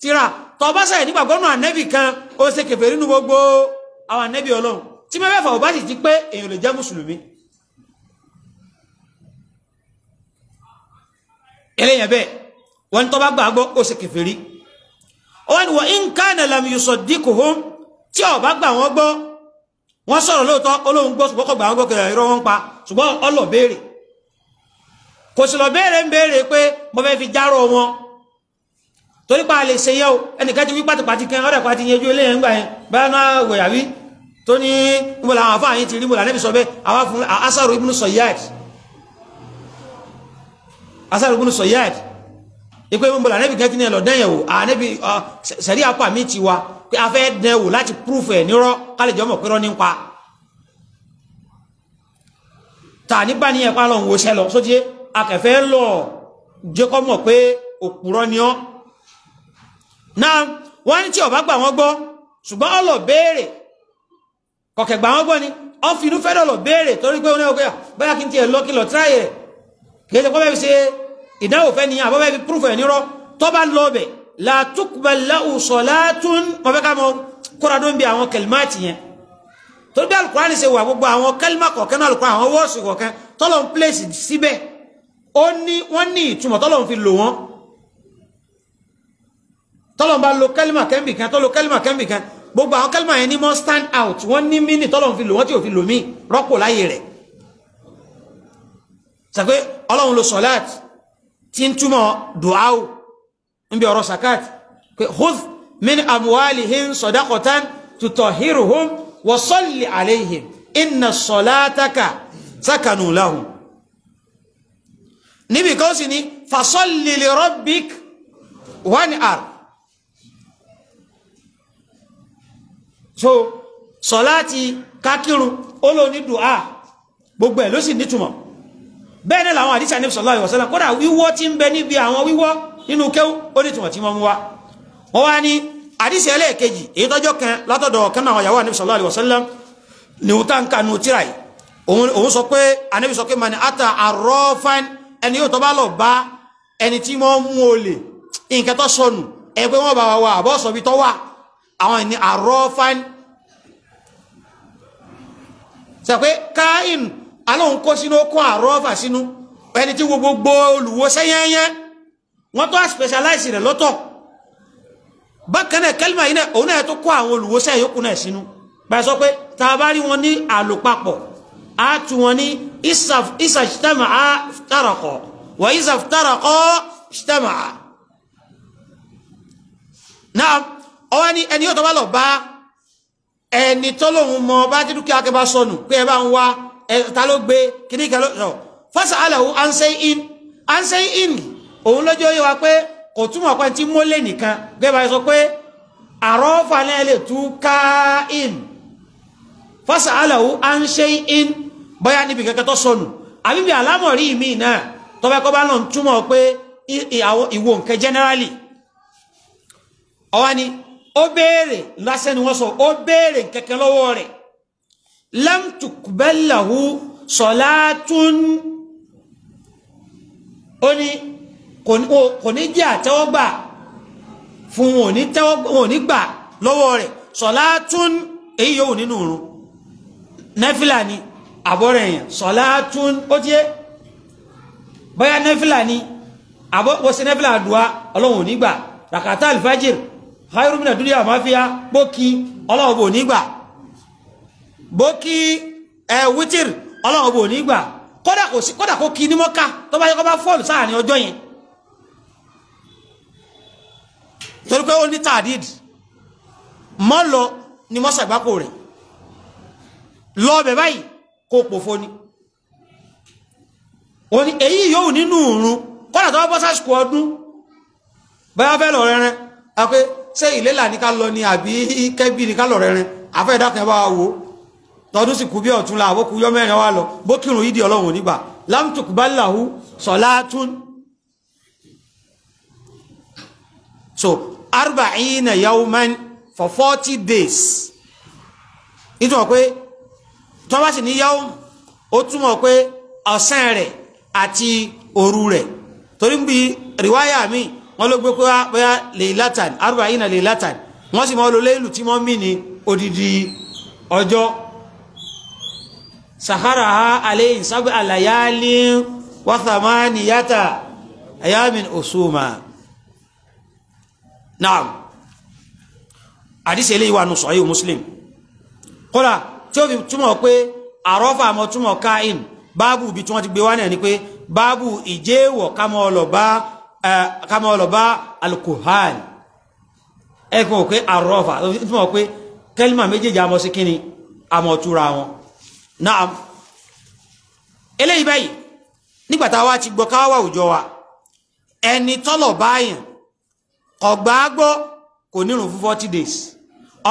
tíra tó bá nígbàgbọ́ nu ànẹ́bì kan ó ṣe kèfèrí nu gbogbo àwọn ànẹ́bì ọlọ́run tí mẹ́fẹ̀ẹ́fà ò bá sì ti pé èèyàn lè jẹ́ mùsùlùmí eléyàn bẹ́ẹ̀ wọ́n tó bá gbàgbọ́ ó sì kèfèrí wọ́n ni wọ́n in kana lam yusaddiquhum tí ó bá gbà wọ́n gbọ́ wọ́n sọ̀rọ̀ lóòótọ́ olóhùn gbọ́ ṣùgbọ́n kò gbà wọ́n gbọ́ kẹrẹ̀ irọ́ wọn pa ṣùgbọ́n ọlọ̀ béèrè kò sì lọ béèrè ń béèrè pé mo fẹ́ fi járọ wọn torípa lè ṣe yẹ o ẹnìkan ti wí pàtìpàtì kan ọ̀rẹ́ pàtì yẹn ju gbà yẹn báyọ̀ náà wẹ̀yà tó ní níbo làwọn afá yìí ti rí níbo làwọn ẹbí sọ bẹ́ẹ̀ àwọn fún asaru ibùnú sọ̀yáàd asaru ibùnú sọ̀yáàd ipe níbo làwọn kẹ́kí ni ẹlọ dẹ́yẹ̀ wò ànẹ́bí sẹ̀rí apá mi ti wa pé a fẹ́ dẹ́ wò láti proof ẹ̀ nírọ́ kálí jọmọ̀ pé rọ́ ní pa tà ní bá ní ẹ̀pá lọ́hùn wo sẹ́lọ sóti akẹ̀fẹ́ lọ jẹ́ kọ́ mọ̀ pé òpùrọ́ ni ọ́ náà wọ́n ní tí ọ̀bá kọ̀kẹ́ gbà wọ́n gbọ́ ni wọ́n fi inú fẹ́ lọ́lọ́ béèrè torí pé oní ọkọ̀ bóyá kí n tiẹ̀ lọ kí lọ tíráyè rẹ̀ kì í ṣe kọ́bẹ́ fi ṣe ìdánwò fẹ́ nìyẹn àbọ̀bẹ́ fi púrúfù ẹ̀ nírọ́ tó bá lọ bẹ̀ làtúkùbẹ̀lá òṣọ̀látún ń bi àwọn kẹlímáàtì yẹn torí bí alukurani ṣe wà gbogbo àwọn kẹlímà kọ̀ọ̀kan náà alukurani àwọn wọ́ọ̀sì kọ̀ọ̀kan tọ́lọ̀ ń pèsè síbẹ̀ ó ní wọ́n ní ìtumọ̀ tọ́lọ̀ ń fi lò wọ́n tọ́lọ̀ ń bá lo kẹlímà kẹ́ńbì kan kẹlímà kẹ́ńbì gbogbo àwọn kẹlẹ́mà yẹn ní mọ́ stand out wọ́n ní mínì tọ́lọ́run fi lò wọ́n tí ò fi lò mí rọ́pò láyé rẹ̀ sàpé ọlọ́run lo sọ̀láàt tí ń túmọ̀ dùáwù ń bí ọ̀rọ̀ sàkáàt pé hudh min amwalihim sadaqatan tutahhiruhum wa salli alayhim inna salataka sakanu lahum níbi kan sì ní fasalli li rabbik wanhar so sọláàtì kákírun ó lò ní dùá gbogbo ẹ̀ ló sì nítumọ̀ bẹ́ẹ̀ náà làwọn àdìsí àníbi sallallahu alaihi wasallam kódà wíwọ́ ti ń bẹ níbi àwọn wíwọ́ nínú kéwú ó nítumọ̀ tí wọ́n mú wa wọ́n wá ní àdìsí ẹlẹ́ẹ̀kejì èyí tọ́jọ́ kan látọ̀dọ̀ kan náà yàwó àníbi sallallahu alaihi wasallam ní òun tíra yìí òun sọ pé àníbi mani ata arọ́fán ẹni yóò tọ́ bá lọ bá ẹni tí wọ́n mú àwọn ẹni àrọ́fán sàpé káyìn alóhun kó sínú ó kó àrọ́fà sínú ẹni tí gbogbo olùwó sẹ́yẹ́yẹ́ wọ́n tó specialize rẹ̀ lọ́tọ̀ bákan náà kẹ́lìmà yìí náà òun náà tó kó àwọn olùwó sẹ́yọ́kù náà sínú báyìí sọ pé tá a bá rí wọn ní àlòpapọ̀ á tu wọn ní ìsàjítàmà á tàràkọ̀ wà ìsàjítàràkọ̀ ṣítàmà náà ọwọ́ ní ẹni yóò tọ́ bá lọ bá ẹni tọ́lọ́hún mọ bá tí dúkìá kẹ́ bá sọnù pé ẹ bá ń wá ẹ ló gbé kíní kan ló sọ fọ́sà aláwo à in à in òun lọ́jọ́ yẹ wa pé kò túmọ̀ pé tí mólè nìkan gẹ́gẹ́ bá sọ pé àrọ́fà náà lè tú ká in fọ́sà aláwo à ń sẹ́yìn in bóyá níbi kẹ́kẹ́ tó sọnù àbí bí mi náà tọ́fẹ́ kọ́ bá náà ń túmọ̀ pé ìwò nǹkan generally ọwọ́ ni ó béèrè lásán ni wọ́n sọ ó béèrè kẹ̀kẹ́ lọ́wọ́ rẹ̀ lam tuqbal lahu salatun ó ní kò ní jẹ́ àtẹ́wọ́gbà fún wọn ò ní gbà lọ́wọ́ rẹ̀ salatun èyí yóò nínú òrùn nẹ́fìlà ni àbọ̀rẹ̀ èèyàn salatun ó jẹ́ bóyá nẹ́fìlà ni àbọ̀ wọ́n sí nẹ́fìlà àdúà ọlọ́run ò ní gbà ràkàtà alfajir khairu mina dúníyà máfíà bókí ọlọ́run bò nígbà boki, ẹ wítìr ọlọ́run bò nígbà kódà kò sí kódà kó kí ní mọ́ká tó bá yẹ kó bá fọ́ọ̀lù sáàrin ọjọ́ yẹn torí pé ó ní tàdíd mọ́ lọ ni mọ́ sàgbákò lo lọ bẹ̀ báyìí kó pòfo ni òní èyí yóò nínú òrun kódà tó bá bọ́ sásìkò ọdún báyà fẹ́ lọ rẹ̀rẹ̀ àpé ṣé ìlélà ní ká lọ ni àbí kẹ́bí ní ká lọ rẹrin afẹ́ ìdákan ẹ bá wa wò tọdún sì kú bí ọ̀tún la àbókù yọ mẹ́rin wa lọ bó kírun yídì ọlọ́run onígbà lámtùkù bá làwù sọ̀látún. so arba'ina yawman for forty days ìtumọ̀ pé tí sì ní yawm ó túmọ̀ pé ọ̀sán rẹ̀ àti òru rẹ̀ torí ń bi rìwáyà wọ́n ló gbé pé ah, bóyá leilatan arba'ina leilatan wọ́n sì máa lo léèlù tí wọ́n mì ní odidi ọjọ́ sahara ha aleyhin sábẹ alayali wathamaniyata ayamin osuma naam àdísẹ́ eléyìí wà nù sọ̀yí muslim kódà tí ó fi túmọ̀ pé àrọ́fà àmọ́ túmọ̀ káìm báàbù bí tí wọ́n ti gbé wá náà ni pé báàbù ìjẹ́wọ̀ kámọ́ ọlọ́ba ká máa lọ bá alkohol ẹkùn òkè àrọ́fà tí wọ́n pé kẹ́límà méjèèjì àmọ́ sí kíni àmọ́ túra wọn náà eléyìí báyìí nígbà tá ti gbọ́ ká òjò wa ẹni tọ́lọ̀ báyàn ọgbà gbọ́ kò nírun fún forty days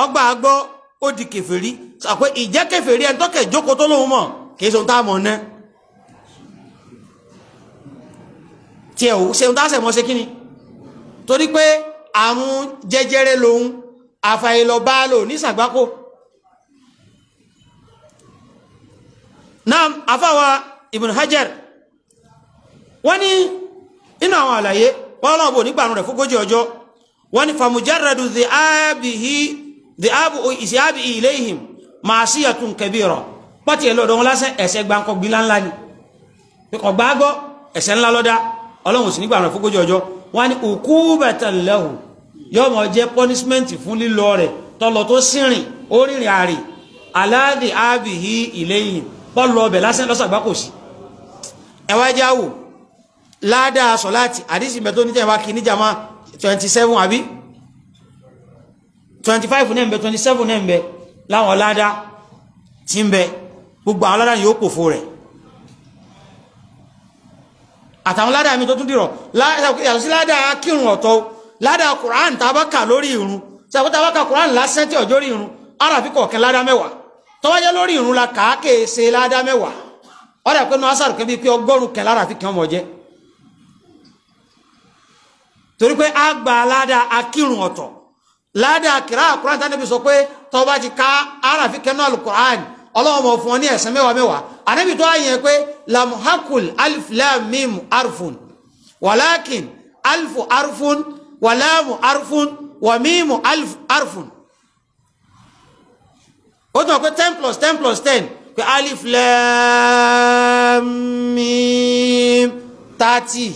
ọgbà gbọ́ ó di kèfèrí sọ pé ìjẹ́ kèfèrí ẹni tọ́kẹ̀ jókòó tó lóun mọ̀ kì í sọ ohun tá a mọ̀ náà. tí ẹ̀ ò ṣeun tá sẹ̀mọ́ ṣe kíni torí pé àrùn jẹjẹrẹ lòun àfàìlọ́bálò nísàgbákò náà afáwa Ibn Hajar wọ́n ní inú àwọn àlàyé wọ́n lọ́wọ́ bò nígbà rẹ̀ fógójì ọjọ́ wọ́n ní famujarradu dhi'abu ìsìábì ilayhim ma'siyatun kabira pọ́tì ẹ̀ lọ́dọ̀ wọn lásán ẹ̀ṣẹ̀ gbáǹkọ́ gbìlá ńlá ni kọ̀gbágbọ́ ẹ̀ṣẹ̀ ńlá lọ́dá ọlọ́run sì nígbà rẹ̀ fógójì ọjọ́ wọ́n ní òkú bàtàlẹ́hù yọmọ jẹ́ punishment fún lílọ rẹ̀ tọlọ tó sírìn ó rìnrìn àrè aláàdì ábìhí ìléyìn bọ́ọ̀lù ọbẹ̀ lásán lọ́sàgbá kò sí ẹ̀wá ẹja wò ládàá sọ̀láàtì àdìsí mẹ́tò níjẹ̀ wá kí níjàmá twenty seven àbí twenty five náà ń twenty seven náà ń bẹ láwọn ládàá ti ń bẹ gbogbo àwọn ládàá yóò pòfo rẹ̀ àtàwọn ládàá mi tó tún dìrọ̀ yàtọ̀ sí ládàá kírun ọ̀tọ̀ ládàá Quran tabaka lórí irun tàbí tabaka lásán tí ọjọ́ rí irun arabi kọ̀ọ̀kan ládàá mẹ́wàá tọ́wájẹ́ lórí irun la kàá ṣe ládàá mẹ́wàá ọ̀rẹ́ pé nu asàrò kẹ́bi pé ọgọ́rùn kẹ́ lára fi kàn jẹ́ torí pé a gba ládàá akírun ọ̀tọ̀ ládàá kìrá tánibí sọ pé ká kẹ́ ọlọ́wọ́n mọ̀ fún ọ ní ẹ̀sán mẹ́wàá mẹ́wàá ànábì tó àyẹ̀ pé lamhakul alif lam mim arfun walakin alifu arfun walamu arfun wamimu alif arfun ó tún wà pé ten plus ten plus ten pé alif lam mim thirty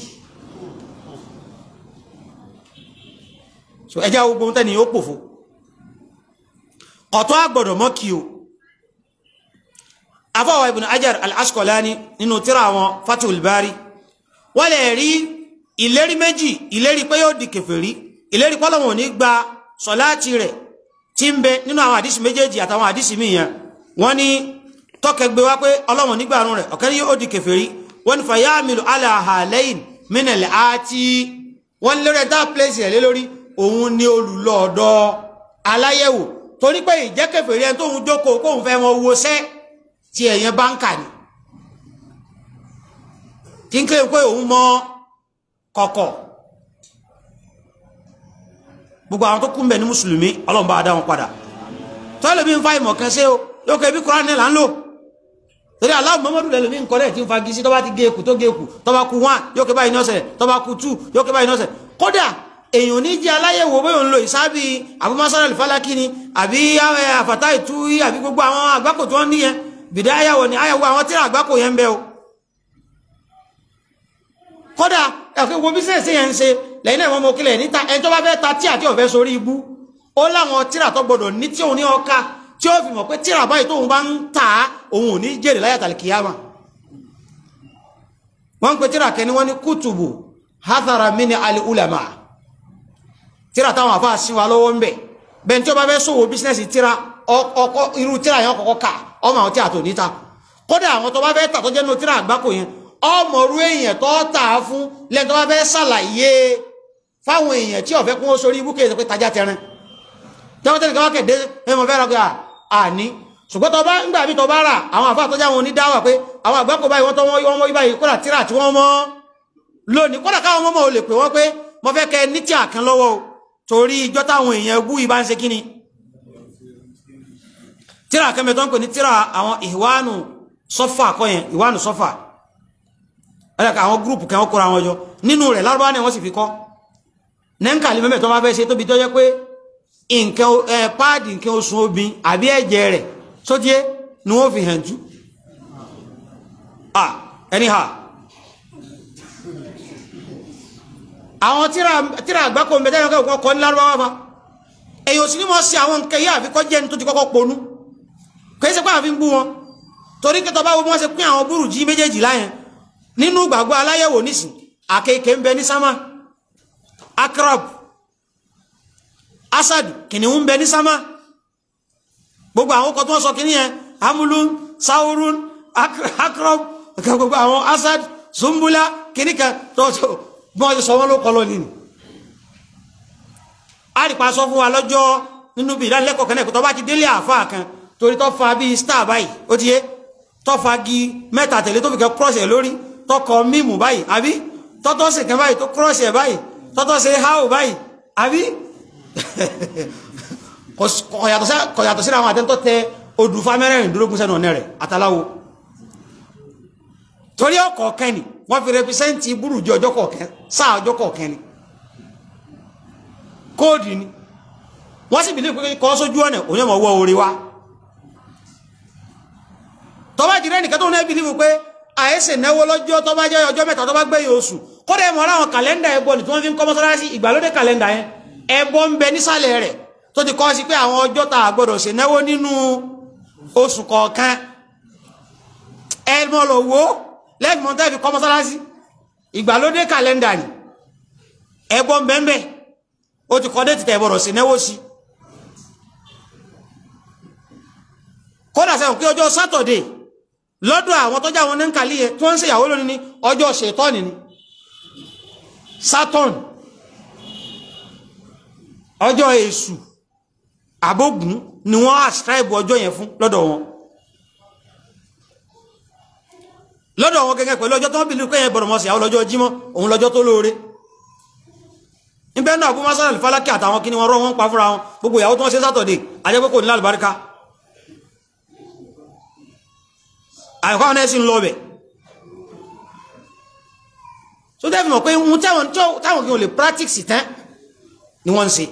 so ẹja gbogbo ohun tẹ́ni yóò pòfo ọ̀tọ́ àgbọ̀dọ̀ mọ́ kí o afọwọ́ ibn hajar al-asqalani nínú tíra àwọn fatul bari wọ́n lè rí ìlérí méjì ìlérí pé yóò di kèfèrí ìlérí pọ́lọ́wọ̀n ò ní gba sọ̀láàtì rẹ̀ tí ń bẹ nínú àwọn àdísì méjèèjì àtàwọn àdísì míì yẹn wọ́n ní tọ́kẹgbẹ́ wá pé ọlọ́wọ̀n nígbà àrùn rẹ̀ ọ̀kẹ́ yóò di kèfèrí wọ́n ní fayamilu ala halayn min al-ati wọ́n lórí ẹ̀dá pẹ́lẹ́sì rẹ̀ lórí òun ni olùlọ́ọ̀dọ́ aláyẹ̀wò torí pé ìjẹ́ kèfèrí tóun jókòó kóun fẹ́ wọn wo tí ẹ̀yẹn báńkà ni kí n kéwòn pé òun mọ kọ̀kọ̀ gbogbo àwọn tó kú mbẹ ní mùsùlùmí ọlọ́run bá dá wọn padà tọ́lẹ̀ mi ń fa ìmọ̀ kan ṣe o yóò kẹ́ bí kúránì là ń lò torí aláwọ̀ mọ́mọ́dún lẹ́nu mi ń kọ́ lẹ́yìn tí ń fa gisi tó bá ti gé ekù tó gé ekù tó ku one yóò kẹ́ báyìí ní ọ̀sẹ̀ tó ku two yóò kẹ́ báyìí ní ọ̀sẹ̀ kódà èèyàn ní jẹ́ aláyẹ̀wò bóyá ń lo ìsábì àbúmọ́sára ìfálákì ni àbí àfàtà eh, ìtúwí àbí gbogbo àwọn àgbákò tó ń níyẹn bido wọ̀ ni àyàwó àwọn tíra àgbákò yẹn ń bẹ́ o kódà ẹ̀kọ́ wo bísíǹsì yẹn ń ṣe lẹ́yìn náà wọ́n mọ kílẹ̀ níta ẹni tó bá fẹ́ ta tí àti ọ̀fẹ́ sórí ibú ó láwọn tíra tó gbọdọ̀ ní tí òun ní ọka tí ó fi mọ̀ pé tíra báyìí tóun bá ń ta òun ò ní jèrè láyà ń pe tíra kẹ́ni wọ́n ní kútùbù mini ali ulama tíra táwọn àfa àṣìwà lọ́wọ́ ń bẹ̀ bẹ́ẹ̀ tí ó bá fẹ́ sòwò bísíǹsì tíra irú tíra yẹn ọkọ ọmọ àwọn tí a tò níta kódà àwọn tó bá fẹ́ tà tó jẹ́ notira àgbákò yẹn ọmọ orú èèyàn tó tà á fún lẹ́yìn tó bá fẹ́ ṣàlàyé fáwọn èèyàn tí ọ̀fẹ́ kún ó sórí ibú kéèyàn pé tajà tẹrin tẹ́wọ́tẹ́ nìkan wá kẹ̀dé ẹ̀mọ̀ fẹ́ ra pé àní ṣùgbọ́n tó bá ń gbà bí tó bá rà àwọn àfa àtọ́jà wọn ní dáwà pé àwọn àgbákò báyìí wọ́n tó wọ́n mọ́ báyìí kódà tíra tí wọ́n mọ́ lónìí kódà káwọn tíra kan bẹ̀ tó ń pè ní tíra àwọn ìwánu sọ́fà kọ́ yẹn ìwánu sọ́fà ẹ̀ka àwọn gúrùpù kan kóra wọn jọ nínú rẹ̀ lárúbá ni wọ́n sì fi kọ́ nẹ́ńkà lè mẹ́mẹ́ tó bá fẹ́ ṣe tóbi tó jẹ́ pé nǹkan ẹ páàdì nǹkan oṣù obìn àbí ẹ̀jẹ̀ rẹ̀ sótíé ni wọ́n fi hàn jù ẹniha àwọn tíra àgbákò mẹ́tẹ́rin kọ́ kọ́ ní lárúbáwá fa èyí ò ní mọ̀ sí àwọn nǹkan yìí àfikọ́ jẹ́ni tó ti kọ́kọ́ ponú kò ṣe pé àfi ń bú wọn torí kí tọba wo bí wọ́n ṣe pín àwọn búrùjí méjèèjì láyẹn nínú gbàgbọ́ aláyẹ̀wò nísìn àkekè ń bẹ ní sámà akrab asad kìnìún ń bẹ ní sámà gbogbo àwọn ọkọ̀ tí wọ́n sọ kìíní yẹn amúlùn saurun akrab gbogbo àwọn asad zumbula kìíní kan tọ́tọ́ bí wọ́n ṣe sọ wọ́n ló kọ́ lónìí ni a rí pa sọ fún wa lọ́jọ́ nínú bí ìdánilẹ́kọ̀ọ́ kan náà kó tọ́ bá ti délé àáfàá kan torí tó fa bíi star báyìí ó ti yé tó fa gi mẹ́ta tẹ̀lé tó fi kẹ́ cross ẹ̀ lórí tó kọ mímù báyìí àbí tọ́tọ́ sì kẹ́ báyìí tó cross ẹ̀ báyìí tọ́tọ́ sì háò báyìí àbí kò yàtọ̀ sí àwọn àtẹ́ntọ́ tẹ odù fa mẹ́rẹ̀rin dúrógún sẹ́nu ọ̀nẹ́ rẹ̀ àtàláwo torí ọkọ̀ kẹ́ ni wọ́n fi rẹpísẹ́ǹtì burújí ọjọ́ kọ̀ọ̀kẹ́ sáà ọjọ́ kọ̀ọ̀kẹ́ ni kóòdì ni wọ́n sì bìlí pé kọ́ sójú ọ̀nà òun yóò mọ̀ wọ́ orí wa tọ́ba jìrẹ́ nìkan tó náà bìlífù pé àyẹ́sè náwó lọ́jọ́ tọ́ba jẹ́ ọjọ́ mẹ́ta tọ́ba gbé yóò sùn kódà ẹ̀mọ́ láwọn kàlẹ́ndà ẹbọ ni tí wọ́n fi ń kọ́ mọ́sálásí ìgbàlódé kàlẹ́ndà yẹn ẹbọ ń bẹ nísàlẹ̀ rẹ̀ tó ti kọ́ sí pé àwọn ọjọ́ tá a gbọ́dọ̀ ṣe náwó nínú oṣù kọ̀ọ̀kan ẹ̀mọ́ lò wó lẹ́gbọ̀n tẹ́ fi kọ́ mọ́sálásí ìgbàlódé kàlẹ́ndà ni ẹbọ ń bẹ ń ó ti kọ́ dé ti tẹ̀ gbọ́dọ̀ ṣe náwó sí kódà sẹ́wọ̀n pé ọjọ́ sátọ̀dẹ̀ẹ́ lọ́dọ̀ àwọn tọ́jà wọn ní nkàlí yẹ tí wọ́n ń ṣe lónìí ní ọjọ́ ṣètọ́nì ni Saturn ọjọ́ èṣù àbógun ni wọ́n ascribe ọjọ́ yẹn fún lọ́dọ̀ wọn lọ́dọ̀ wọn gẹ́gẹ́ pẹ̀lú ọjọ́ tó wọ́n bìlú pé yẹn bọ̀rọ̀ mọ́ sí àwọn lọ́jọ́ jímọ́ òun lọ́jọ́ tó lóore níbẹ̀ náà bó má fálákì àtàwọn kí ni wọ́n rọ́ wọn pa fúnra wọn gbogbo ìyàwó tó wọ́n ṣe sátọ̀dẹ̀ ajẹ́pẹ́ kò ní lálùbáríkà àìkọ́ àwọn ẹ̀sìn lọ so dẹ́fì mọ̀ pé ohun táwọn kí wọ́n lè practice tán ni wọ́n ń ṣe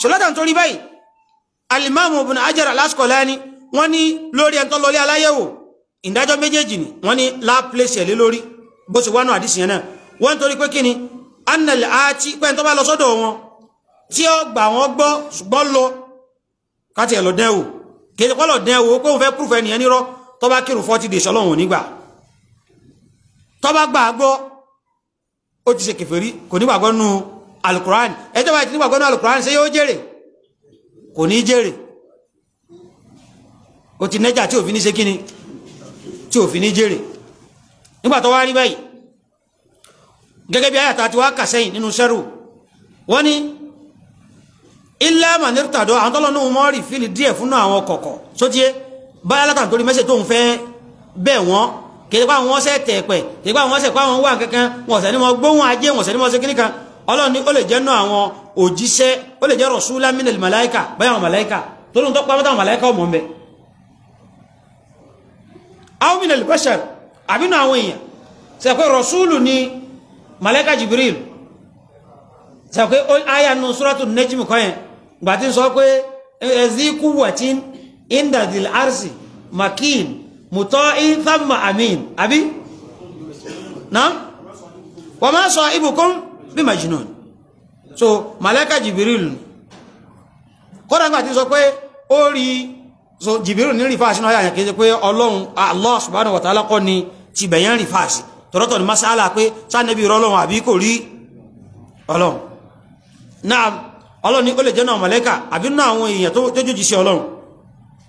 so látàn torí báyìí alimamu ibn Hajar al-Asqalani wọ́n ní lórí ẹni tó lọlé aláyẹ̀wò ìdájọ́ méjèèjì ni wọ́n ní láàpilẹ̀sì ẹ̀lẹ́ lórí bó ṣe wánú àdìsí yẹn náà wọ́n ń torí pé kí ni annalẹ̀ àti pẹ́ẹ́n tó bá lọ sọ́dọ̀ wọn tí ó gbà wọ́n gbọ́ ṣùgbọ́n lọ káti ẹ̀ lọ dẹ́wò kí ẹ̀ lọ dẹ́wò kó fẹ́ proof ẹnìyẹn nírọ́ tó bá kírun forty days ọlọ́run ò ní gbà tó bá gbà á gbọ́ ó ti ṣe kèfèrí kò ní gbàgbọ́ nù alukurani ẹjọ́ bá ti ní gbàgbọ́ nù alukurani ṣé yóò jèrè kò ní jèrè ó ti nẹ́jà tí òfin ní ṣe kíni tí òfin ní jèrè nígbà tó wá rí báyìí gẹ́gẹ́ bí ayàtà tí wá kà sẹ́yìn nínú sẹ́rù wọ́n ní ilé àmàlẹ́rìtàdọ́ àwọn tọ́lọ́nù mọ́rì fílì díẹ̀ fún àwọn kọ̀kọ̀ sótíyé báyà látàn torí mẹ́sẹ̀ tó ń fẹ́ bẹ́ẹ̀ wọ́n kìí pa àwọn ọ̀sẹ̀ tẹ̀pẹ̀ kìí pa àwọn ọ̀sẹ̀ pa àwọn wà kankan wọn ọ̀sẹ̀ wọn gbóhùn ajé wọn ọ̀sẹ̀ wọn ṣe kíníkan ọlọ́run ni ó lè jẹ́ nú àwọn òjíṣẹ́ ó lè jẹ́ rọ̀ṣúlá mínẹ̀lì màláìkà báyà àwọn màláìkà tó lóun tó pa àwọn màláìkà ọmọ mbẹ. àwọn mínẹ̀lì bashar àbínú àwọn èèyàn sọ pé rọ̀ṣúlù ni màláìkà jibril sọ pé ó áyà nù súrátù nẹ́jìmù kọ́ sọ pé ẹ̀zí inda dil arsi makin mutọ́í thamma amin àbí náà wọ́n máa sọ ibùkún majnun so malaika jibril kódà nígbà tí sọ pé ó rí so jibril ní rìfáàsì náà yàyàn kìí ṣe pé ọlọ́run allah subhanahu wa ta'ala kọ́ ni tìbẹ̀yàn rìfáàsì tọ̀rọ̀tọ̀ ni masala pé sánẹ́bí rọlọ́run àbí kò rí ọlọ́run náà ọlọ́run ní ó lè jẹ́ náà malaika àbí náà àwọn èèyàn tó jójì sí ọlọ́run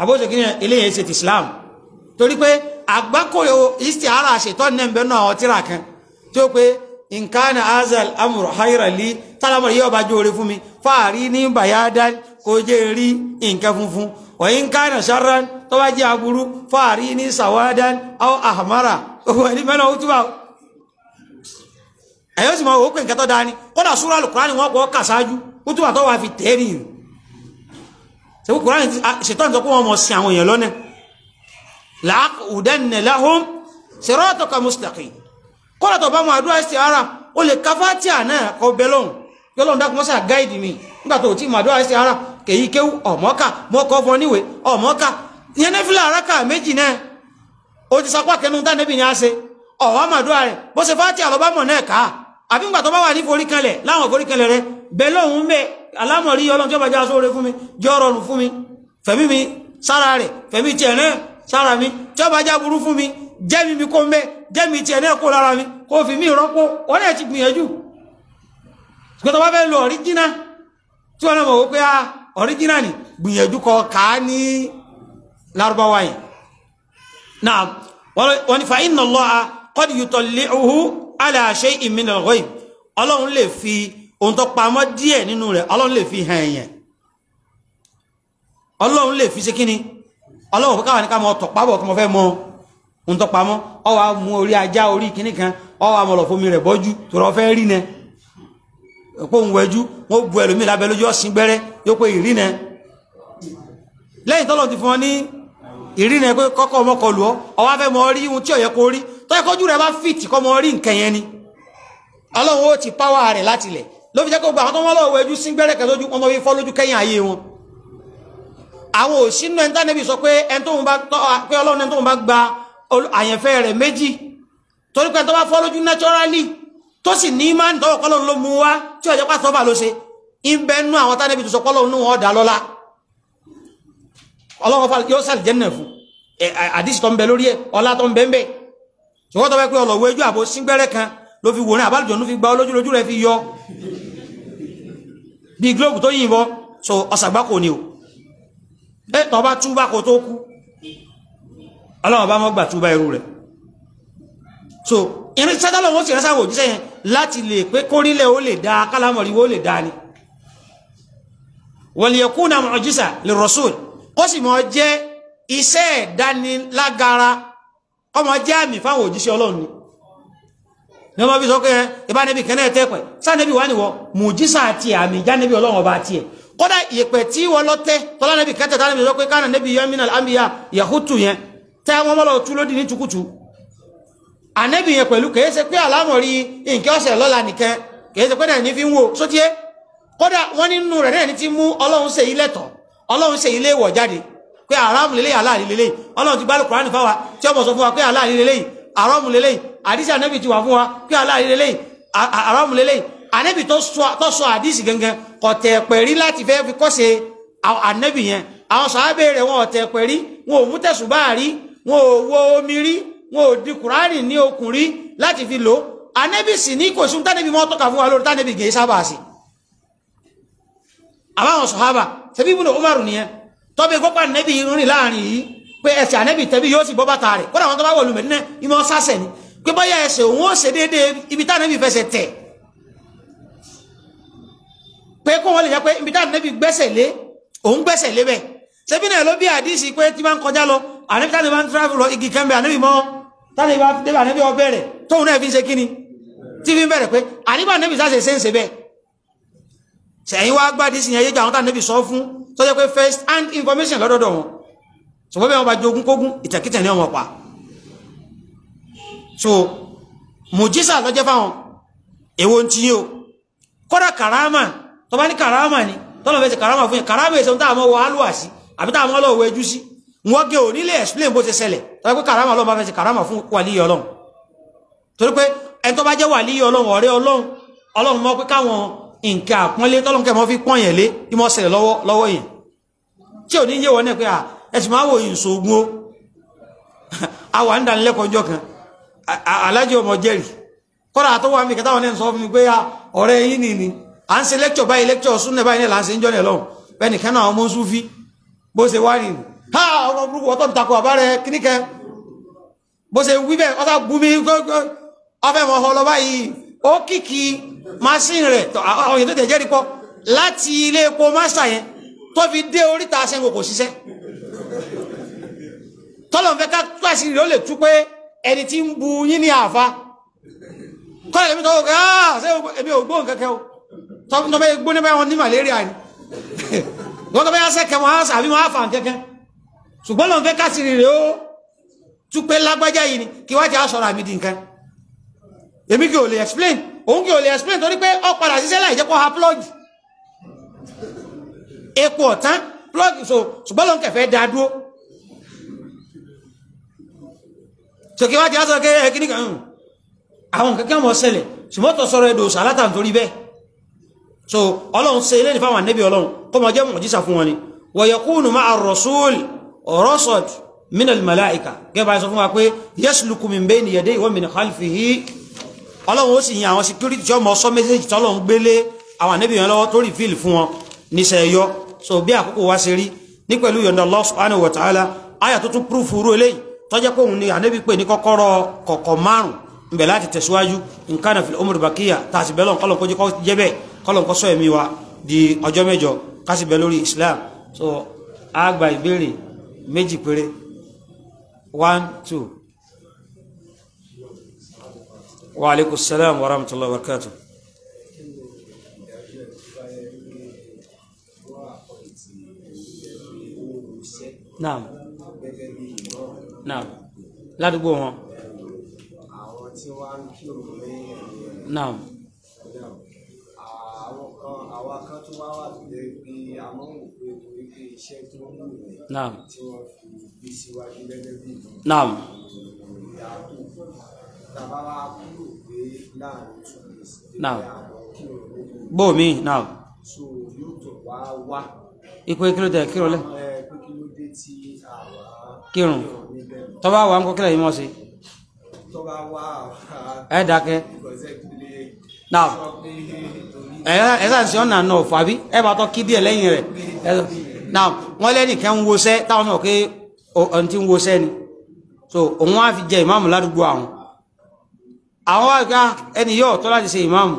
àbóṣe kí ni eléyìí ṣe ti islam torí pé àgbákòyò ìsì ara àṣetọ́ ní ẹ̀mbẹ́ náà ọtíra kan tí ó pé nǹkan azal amúrò hayrali tálámọ̀rì yóò bá jó orí fún mi fáàrí ní bayada kò jẹ́ rí nǹkan funfun wọ̀nyí nǹkan ṣarran tó bá jẹ́ aburú fáàrí ní sàwádà aw ahmara òwò ẹni mẹ́lẹ̀ ó túbà ẹ̀yọ́ sì máa wò ó pé nǹkan tó dáa ni kódà súrà lùkúrá ni wọ́n kọ́ kà ó túbà tó wà fi tẹ́ẹ̀rì yìí sẹ́kù kùránì ṣètọ́ ìjọ kó wọn mọ̀ sí àwọn èèyàn lọ́nà làákùdẹ́nà láhùn sirataka mustaqim kọ́lá tó bá mọ àdúrà ẹ̀sìn ara ó lè káfátíà náà kọ bẹ lọ́hùn yọlọ́run dákun mọ́sà gáìdì mi nígbà tó ti mọ àdúrà ẹ̀sìn ara kèyí kéwú ọ̀mọ́ka mọ́kọ́ fún ọ níwèé ọ̀mọ́ka ìyẹn nẹ́fìlà araka méjì náà ó ti sapá kẹnu tá nẹ́bì ní a ṣe ọ̀wá àbí ńgbà tó bá wà ní forí kanlẹ̀ láwọn forí kanlẹ̀ rẹ bẹ́ẹ̀ lóhun mẹ́ alámọ̀rí ọlọ́run tí ó bá já sóore fún mi jẹ́ ọ̀rọ̀ fún mi fẹ̀mí mi sára rẹ̀ fẹ̀mí tiẹ̀ náà sára mi tí ó bá já burú fún mi jẹ́mi mi kó mẹ́ jẹ́mi tiẹ̀ náà kó lára mi kó fi mí rọ́pò ọ̀rẹ́ ti gbìyànjú ṣùgbọ́n bá fẹ́ lo ọ̀ríjínà tí wọ́n mọ̀ wípé ọ̀ríjínà ah, ni gbìyànjú kọ ká ní lárúbáwá yẹn ala shay'in min al-ghayb ọlọ́run lè fi ohun tó pamọ́ díẹ̀ nínú rẹ̀ ọlọ́run lè fi hàn èèyàn ọlọ́run lè fi ṣe kíni ọlọ́run fún káwọn ní ká mọ ọtọ̀ pábọ̀ kí mo fẹ́ mọ ohun tó pamọ́ ọ wàá mú orí ajá orí kíní kan ọ wàá mọ̀ lọ́fọ́ mi rẹ̀ bọ́jú tòrọ fẹ́ rí nẹ pé òun wẹjú wọn bu ẹlòmíì lábẹ́ lójú ọ̀sìn gbẹ́rẹ́ yóò pé ìrí nẹ lẹ́yìn tọ́lọ́ ti fún ọ ní ìrí nẹ pé kọ́kọ́ ọmọkọlù ọ ọ wá fẹ́ rí ohun tí ó kó rí tọ́jú rẹ̀ bá fìtì kọ́ mọ rí nǹkan yẹn ni ọlọ́run ó ti páwà rẹ̀ láti lẹ̀ ló fi jẹ́ kó gba àwọn tó wọ́n lọ́wọ́ ẹjú sí gbẹ́rẹ́ kan lójú ọmọ fi fọ́ lójú kẹ́yìn ayé wọn àwọn òsínú ẹni tánẹ́bí sọ pé ẹni tóun bá pé ọlọ́run ẹni tóun bá gba àyànfẹ́ rẹ̀ méjì torí pé ẹni tó bá fọ́ lójú naturally tó sì ní máa ń tọ́wọ́ kọ́lọ́run ló mú wá tí ọjọ́ pàṣẹ ọba ló ṣe ń bẹ́ nú àwọn tánẹ́bí tó sọ kọ́lọ́run nù ọ̀dà lọ́la ọlọ́run yóò sàlìjẹ́ nà fún àdìsí tó ń bẹ lórí ẹ̀ ọlá tó ń bẹ ń bẹ́ẹ̀ ṣùgbọ́n tó bá pé ọlọ́wọ́ ejú àbò síngbẹ́rẹ́ kan ló fi wòrán àbálùjọ ló fi gba olójú lójú rẹ̀ fi yọ bí gílóòbù tó yìnbọn so ọ̀sàgbákò ni o ẹ tó bá túbá kò tó kú ọlọ́wọ́ bá mọ́ gbà túbá irú rẹ̀ so irin sátá lọ́wọ́ sì rẹ́sà wò jíṣẹ́ yẹn láti lè pé kórílẹ̀ ó lè dáa kálámọ̀rí ó lè dáa ni wal yakuna mu'jiza lirrasul kó sì mọ́ jẹ́ iṣẹ́ ìdánilágara kọmọ jẹ́ àmì fáwọn òjíṣẹ́ ọlọ́run ni ní ọmọ bí sọ pé ẹ ìbá níbi kẹ́lẹ́ tẹ́pẹ̀ sánẹ́bí wà níwọ̀ mùjísà àti àmì jánẹ́bí ọlọ́run ọba àti ẹ̀ kódà ìyẹ̀pẹ̀ tí wọ́n lọ tẹ́ tọ́lá níbi kẹ́tẹ̀ tọ́lá níbi sọ pé kánà níbi yọmínà àmìyà yahutu yẹn tẹ́ wọ́n mọ́ lọ tú lódì ní tukutu ànẹ́bí yẹn pẹ̀lú kèé pé àlámọ̀rí nǹkẹ́ ọ̀sẹ̀ lọ́la nìkan pé náà ní fi ń wo sótíé wọ́n nínú rẹ̀ náà pé àràmù lélẹ́yìn aláàrí lélẹ́yìn ọlọ́run ti gbálù kùránì fáwa tí ọmọ sọ fún wa pé aláàrí lélẹ́yìn àràmù lélẹ́yìn àdìsí ànẹ́bì ti wà fún wa pé aláàrí lélẹ́yìn àràmù lélẹ́yìn ànẹ́bì tó sọ àdìsí gangan ọ̀tẹ̀ pẹ̀rí láti fẹ́ fi kọ́sẹ̀ ànẹ́bì yẹn àwọn sàábẹ̀ rẹ̀ wọn ọ̀tẹ̀ pẹ̀rí wọn ò mú tẹ̀sùbá rí wọn ò wo omi rí wọn ò di kùránì ní okùn rí láti fi lò ànẹ́bì sì ní kò sún tánẹ́bì mọ́ tọ́ka fún wa lórí tánẹ́bì gèé sábà sí àbáwọn sàábà ṣebí Ibn Umar nìyẹn tọ́bi kópa nẹ́bí rìn láàrin yìí pé ẹsẹ̀ ànẹ́bí tẹ́bí yóò sì bọ́ bàtà rẹ̀ kódà wọn tó bá wọ̀ lùmẹ̀ nínú ìmọ̀ sásẹ̀ ni pé bọ́yá ẹsẹ̀ òun ó ṣe déédéé ibi tá ànẹ́bí fẹsẹ̀ tẹ̀ pé kó wọn lè jẹ́ pé ibi tá ànẹ́bí gbẹ́sẹ̀ lé òun gbẹ́sẹ̀ lé bẹ́ẹ̀ ṣebí náà ló bí àdìsí pé tí máa ń kọjá lọ ànẹ́bí táwọn bá ń tíráfù lọ igi kẹ́mbẹ́ ànẹ́bí mọ́ táwọn bá débà ànẹ́bí ọ bẹ̀rẹ̀ tóun náà fi ń ṣe kíni tí tó jẹ́ pé first hand information lọ́dọ̀dọ̀ wọn ṣùgbọ́n bí wọ́n bá jogún kógún ìtẹ̀kítẹ̀ ní ọmọ pa so mùjísà lọ́jẹ́ fáwọn èwo ń tiyín o kódà kàráàmà tó bá ní kàráàmà ni tọ́lọ̀ fẹ́ ṣe kàráàmà fún yẹn kàráàmà èso tá a mọ̀ wọ alúwà sí àbí tá a mọ̀ lọ́wọ́ ẹjú sí wọ́n gé òní lè explain bó ṣe ṣẹlẹ̀ tó jẹ́ pé kàráàmà lọ́wọ́ bá fẹ́ ṣe kàráàmà fún wàlíyé ọlọ́run torí pé ẹni tó bá jẹ́ wàlíyé ọlọ́run ọ̀rẹ́ ọlọ́run ọlọ́run mọ̀ pé káwọn nǹkan àpọ́nlé tọ́lọ́nkẹ́ mọ́ fi pọ́n yẹn lé kí mọ́ ṣẹlẹ̀ lọ́wọ́ lọ́wọ́ yẹn tí ò ní yé wọn náà pé ẹ sì máa wò yìí ṣoògùn o àwa ń ọjọ́ kan alájọ ọmọ jẹ́rì kọ́ra àtọwọ́ àmì kẹta wọn sọ fún mi pé ọ̀rẹ́ yín ni ni à ń ṣe lẹ́kṣọ̀ báyìí lẹ́kṣọ̀ súnlẹ̀ báyìí là ń ṣe ń jọ́nà lọ́wọ́ bẹ́ẹ̀ nìkan náà ọmọ súnfí bó ṣe wá nìyí ha ọmọ burúkú ọtọ́ ń takò àbárẹ̀ kíníkẹ́ bó ṣe wí bẹ́ẹ̀ ọtá bumi ọfẹ́ mọ́ ọ báyìí ó kìkì machine rẹ̀ àwọn èèyàn tó tẹ̀ jẹ́rìí pọ̀ láti ilé epo master yẹn tó fi dé oríta aṣẹ́gun kò ṣiṣẹ́ tọ́lọ̀ ń fẹ́ ká tú àṣírí rẹ̀ ó lè tú pé ẹni tí ń bu yín ní àfa kọ́lẹ̀ lèmi tọ́wọ́ kẹ́ ah, áà ṣé èmi ò gbóhùn kẹ́kẹ́ o tọ́ bẹ́ẹ̀ gbóhùn nípa wọn ní malaria ni wọ́n tọ́ bẹ́ẹ̀ sẹ́kẹ̀ wọn á sàbí wọn á fà ń kẹ́kẹ́ ṣùgbọ́n ká àṣírí rẹ̀ ó tú pé lágbájá yìí ni kí wájà á àmì dì nǹkan èmi kì ò lè explain òun kì ò lè explain torí pé ọ padà ṣiṣẹ́ láì jẹ́ kó ha plug epo ọ̀tán plug so ṣùgbọ́n ló ń kẹfẹ́ da dúró sòkè wájú á sọ pé ẹ eh, kíní kan hmm. àwọn kankan mọ̀ ṣẹlẹ̀ ṣùgbọ́n tó sọ̀rọ̀ ẹ̀dọ̀ sàlátà nítorí bẹ́ẹ̀ so ọlọ́run ṣe eléyìí fáwọn ànẹ́bí ọlọ́run kó máa jẹ́ mọ̀jísà fún wọn ni wa yakunu ma'a ar-rasul rasad min al-malaika gẹ́gẹ́ bá a sọ fún wa pé yasluku min bayni yadayhi wa min khalfihi ọlọ́run ó sì yan àwọn security tí ọmọ sọ mẹ́sẹ̀gì tọ́lọ́run gbélé àwọn ànábì yẹn lọ́wọ́ tó reveal fún wọn níṣẹ́ ẹ̀yọ́ so bí àkókò wa ṣe rí ní pẹ̀lú yọ̀ǹda Allah subhanahu wa ta'ala àyà tó tún proof rú eléyìí tọ́jẹ́ pé òun ni ànábì pè ní kọ́kọ́rọ́ kọ̀kọ̀ márùn ńbẹ̀ láti tẹ̀síwájú in kana fil umri baqiya tààsì bẹ́ẹ̀ lọ́n kọ́lọ́n kó jẹ́ bẹ́ẹ̀ kọ́lọ́n kó sọ ẹ̀mí wa di ọjọ́ mẹ́jọ kásì bẹ́ẹ̀ lórí Islam so a gba ìbéèrè méjì péré one two. وعليكم السلام ورحمة الله وبركاته نعم نعم لا تقوم نعم نعم نعم tàbá wa kúrò pé láàrin two days. now bóòmí now. so yóò tó wá wá. ipe kí ló dé kí ló lẹ. Eh, pé kí ló dé tí àwa. kírun tọ́ba wa ń kọ́ kílẹ̀ yìí mọ̀ sí. tọ́ba wa. ẹ dákẹ́. now ẹ ẹ sáà sí ọ̀nà náà fún àbí ẹ bá tọ́ kí díẹ̀ lẹ́yìn rẹ̀ now wọ́n lẹ́nìkan ń wọṣẹ́ táwọn náà pé ọ̀n ti ń wọṣẹ́ ni so òun á fi jẹ ìmáàmù ládùúgbò àwọn àwọn wá ká ẹni yóò tọ́ láti ṣe ìmáàmù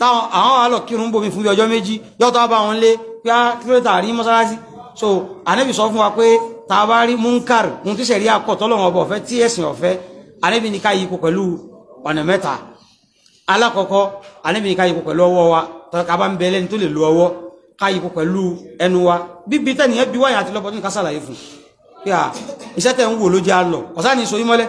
táwọn àwọn wà lọ kírun bomi fún bí ọjọ́ méjì yọ́tọ̀ bá wọn lé pé á kírẹ́tà rí mọ́sálásí so ànábì sọ fún wa pé tá a bá rí munkar ohun tí sẹ̀rí akọ̀ tọ́lọ́wọ́n ọba ọ̀fẹ́ tí ẹ̀sìn ọ̀fẹ́ ànábì ní ká yí ipò pẹ̀lú ọ̀nà mẹ́ta alákọ̀ọ́kọ́ ànábì ní ká yí ipò pẹ̀lú ọwọ́ wa tọ́ka bá ń bẹ lẹ́ni tó lè lo ọwọ́ ká yí ipò pẹ̀lú ẹnu wa bíbi tẹ́niyẹn bí wáyà àti lọ́bọ̀dún ká sàlàyé fún pé à iṣẹ́ tẹ̀ ń wò ló jẹ́ àlọ́ ọ̀sán ni ìsorímọ́lẹ́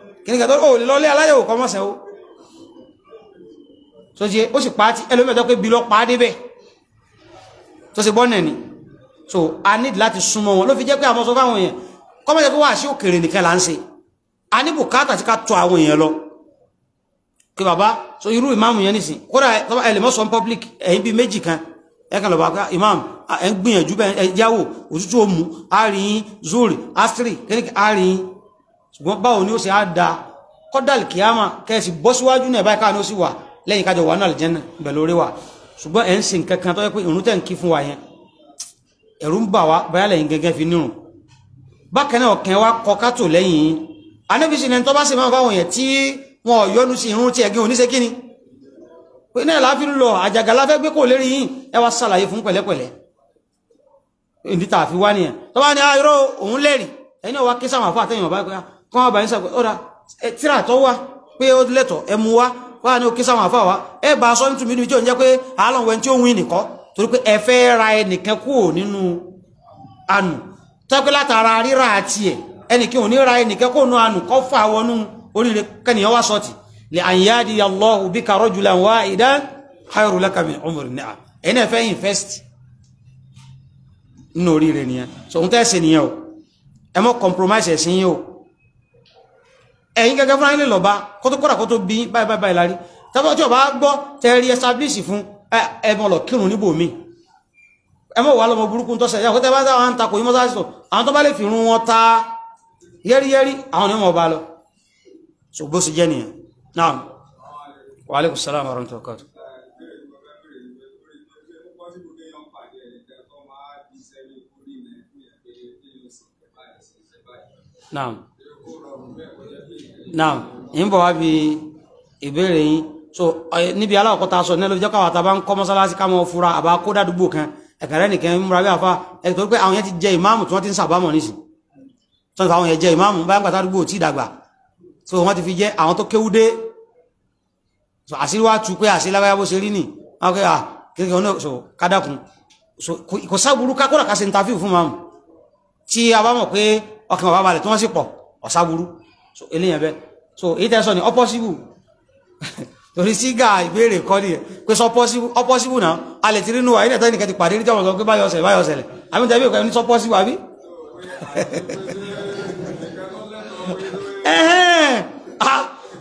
kí ni kẹtọ́ ó lè lọ́lé aláyẹ̀wò kọ́ mọ̀sẹ̀ o tó ṣe ó sì pa á tí ẹlòmíì tó pé bí lọ pa á débẹ̀ tó ṣe bọ́ọ̀nà ni so a need láti súnmọ́ wọn ló fi jẹ́ pé àmọ́ sọ fáwọn èèyàn kọ́mọ̀jẹ́ pé wàá sí òkèrè nìkan là ń ṣe a ní bùkátà tí ká tọ àwọn èèyàn lọ kí bàbá so irú ìmáàmù yẹn nìsín kódà ẹ lè mọ́ sọ public ẹ̀yìn bíi méjì kan ẹ kàn lọ́ba ká imam ẹ ń gbìyànjú bẹ́ẹ̀ ẹ jáwò òtútù òmù àárín zuri asiri kékeré àárín ṣùgbọ́n báwo ni ó ṣe á da kọ́dàlì kìáma kẹ́sì bọ́ síwájú náà báyìí káà ní ó sì wà lẹ́yìn kájọ wà náà àlìjẹ́nà ìbẹ̀ lórí wa ṣùgbọ́n ẹ̀ ń sin kankan tó yẹ pé ìrun tẹ̀ ń kí fún wa yẹn ẹ̀rù ń bà wá báyà lẹ́yìn gẹ́gẹ́ fi nírun bákan náà ọ̀kẹ́ wa kọ kátó lẹ́yìn anábìsí ni tó bá sì máa fáwọn yẹn tí wọn ò yọnu sí ìrun tiẹ̀ gíhun oníṣe kíni pé náà láfi lọ àjàgà láfẹ́ gbé kò lérí yìí ẹ wá ṣàlàyé fún pẹ̀lẹ́pẹ̀lẹ́ ìdí tààfi wá nìyẹn tó bá ní ayọ́rọ̀ ah, òun lẹ́rìí ẹ̀yin náà kí sáwọn àfọ àtẹ̀yìn ọ̀bá kán ọba yín sọ pé ọ̀rà tíra tó wá pé ó lẹ́tọ̀ ẹ mú wá wá ní òkè sáwọn àfáà wá ẹ bá aṣọ nítorí mi níbi tí ò ń jẹ́ pé àálọ̀ wẹ̀ tí ó win nìkọ́ torí pé ẹ fẹ́ ra ẹnìkan kúrò nínú ànù tẹ́pẹ́ látara ríra àti ẹ̀ ẹnìkan ò ní ra ẹnìkan kó nu ànù kọ́ fà wọnú oríire kẹ́nìyàn wá sọ́ọ̀tì lè àyíyáàdì Allahu bika rajulan wahidan khairul laka min umrin ni'am ẹ̀yin náà fẹ́ invest nínú oríire nìyẹn so òun tẹ́ ẹ̀sìn nìyẹn o ẹ mọ́ compromise ẹ̀sìn yìí o ẹ̀yin gẹ́gẹ́ fún ayílẹ̀ lọ́ba kó tó kọ́dà kó tó bí báyìí báyìí báyìí lárí tẹ́fọ́ tí ọba gbọ́ tẹ́rí establish fún ẹ̀bọ̀n lọ kírun níbò mi ẹ mọ̀ wà lọ́mọ burúkú tọ́sẹ̀ yà kótẹ́ bá dá wọn takò yín mọ́sáàsì tó àwọn tó bá lè fi run wọn ta yẹ́rìyẹ́rì àwọn ni wọ́n bá lọ so bó ṣe jẹ́ nìyẹn naam wa aleykum salaam wa rahmatulah kaatu. naam naam ń bọ̀ wá bí ìbéèrè yín so níbi aláwọ̀kọ́ ta sọ nílò jẹ́kọ̀ àwọn àtàbá ń kọ́ mọ́sálásí ká mọ́ fura àbá kó dádúgbò kan ẹ̀kẹ́rẹ́ nìkan ń múra bí àfa ẹ̀kẹ́ tó pé àwọn yẹn ti jẹ ìmáàmù tí wọ́n ti ń sàbámọ̀ nísìn tó ń fa àwọn yẹn jẹ ìmáàmù bá ń gbà tádúgbò tí ìdàgbà so wọ́n ti fi jẹ́ àwọn tó kéwú dé so àṣírí wá tu pé àṣírí lágbáyà bó ṣe rí nì ok ah kékeré wọn náà so kádàkùn so kò sábúrú ká kó so eléyàn bẹ́ẹ̀ so èyí tẹ́ sọ ni ọ́pọ́síbù torí sígà ìbéèrè kọ́ ni pé sọ ọ́pọ́síbù náà a lè ti rí nù wá ilẹ̀ tẹ́nìkan ti pàdé níjọ́ ọ̀sán pé báyọ̀ ṣẹlẹ̀ báyọ̀ ṣẹlẹ̀ àbí tẹ́ bí òkè ní sọ ọ́pọ́síbù àbí.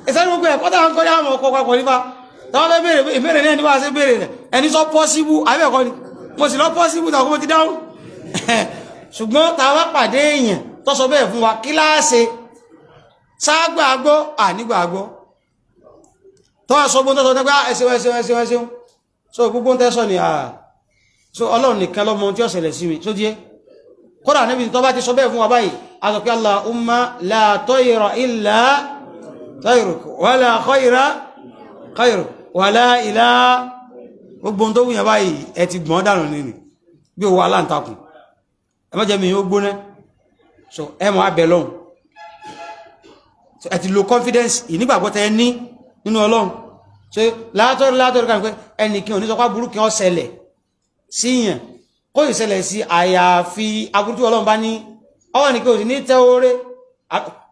ẹsẹ̀ ni mo pe ẹ̀kọ́ táwọn kọ́ yá mọ̀ ọkọ̀ papọ̀ nípa táwọn fẹ́ béèrè ìbéèrè náà nípa ṣe béèrè rẹ̀ ẹni sọ pọ́síbù àbí ẹ̀kọ́ ni mo sì lọ pọ́síbù tàwọn mo ti dáhùn ṣùgbọ́n táwọn pàdé èèyàn tó sọ bẹ́ẹ̀ fún wa kíláàsì sáàgbà gbọ́ ànígbà gbọ́ tó wá sọ gbóntẹ́ sọ nígbà ẹsẹ̀wọ̀n ẹsẹ̀wọ̀n ẹsẹ̀wọ̀n ẹsẹ̀wọ̀n so gbogbo tẹ́ sọ ni àà ah. so ọlọ́run nìkan lọ́mọ tí ó ṣẹlẹ̀ sí mi tó díẹ̀ kódà níbi tó bá ti sọ bẹ́ẹ̀ fún wa báyìí a sọ pé Allahumma la tayra illa tayruk wala khayra khayruk wala ilá gbogbo tó wùyàn báyìí ẹ ti gbọ́n ẹ ti lo confidence ìnígbàgbọ́ tẹ ní nínú ọlọ́run ṣe látọ́rọ̀ látọ́rọ̀ kan pé ẹnìkan ò ní sọ pé aburú kan ṣẹlẹ̀ síyàn kó yìí ṣẹlẹ̀ sí àyàfi aburú tí ọlọ́run bá ní ọwọ́ nìkan ò sì ní tẹ oore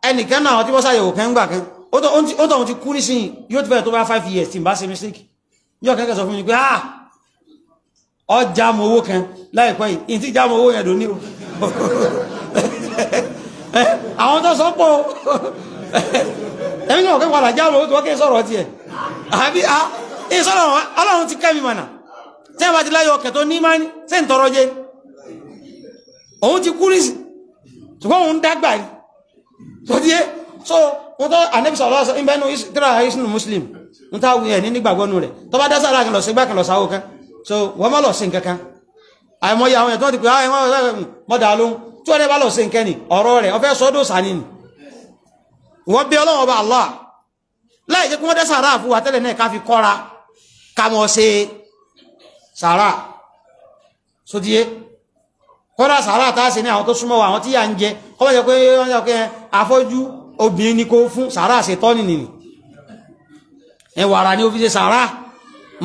ẹnìkan náà tí wọ́n ṣàyẹ̀wò kan gbà kan ó tọ̀ ohun ti kú nísìnyí yóò ti fẹ́ tó bá five years tí n bá ṣe mistake yóò kẹ́kẹ́ sọ fún mi pé ah ọjà mọ owó kan láìpẹ́ yìí ìtì ìjà mọ owó yẹn lóní o àwọn tó sọ pọ̀ ẹ̀mí náà kẹ́kọ̀ọ́ alájà lọ tó wákẹ́ sọ̀rọ̀ tiẹ̀ àbí a èyí sọ̀rọ̀ ọlọ́run ti kẹ́ mi mọ̀nà tẹ́ ẹ bá ti láyọ̀ kẹ́tọ́ ní máa ní sẹ́ ń tọrọ jẹ òun ti kúrì sí ṣùgbọ́n òun dágbà ni tó ti yé so wọ́n tọ́ anabisa ọlọ́sọ ìbẹ́nu tíra ìsinu muslim ń ta wuyẹ̀ ní nígbàgbọ́ nu rẹ̀ tọ́ bá dá sára kan lọ sí gbá kan lọ sáwó kan so wọ́n má lọ sí é mọ́dà lóhun tí wọ́n bá lọ sí nǹkan ni ọ̀rọ̀ rẹ̀ ọ fẹ́ sọ́dọ̀ wọ́n bí ọlọ́wọ́ bá Allah láì jẹ́ kí wọ́n dẹ́ sàrà fún wa tẹ́lẹ̀ náà ká fi kọ́ra ká mọ̀ ṣe sàrà sódíé kọ́ra sàrà tá a ṣe ní àwọn tó súnmọ́ wa àwọn tí yà ń jẹ kọ́ bá jẹ́ pé wọ́n jẹ́ pé afọ́jú obìnrin ni kò fún sàrà ṣe tọ́ nìní ẹ wàrà ni ó fi ṣe sàrà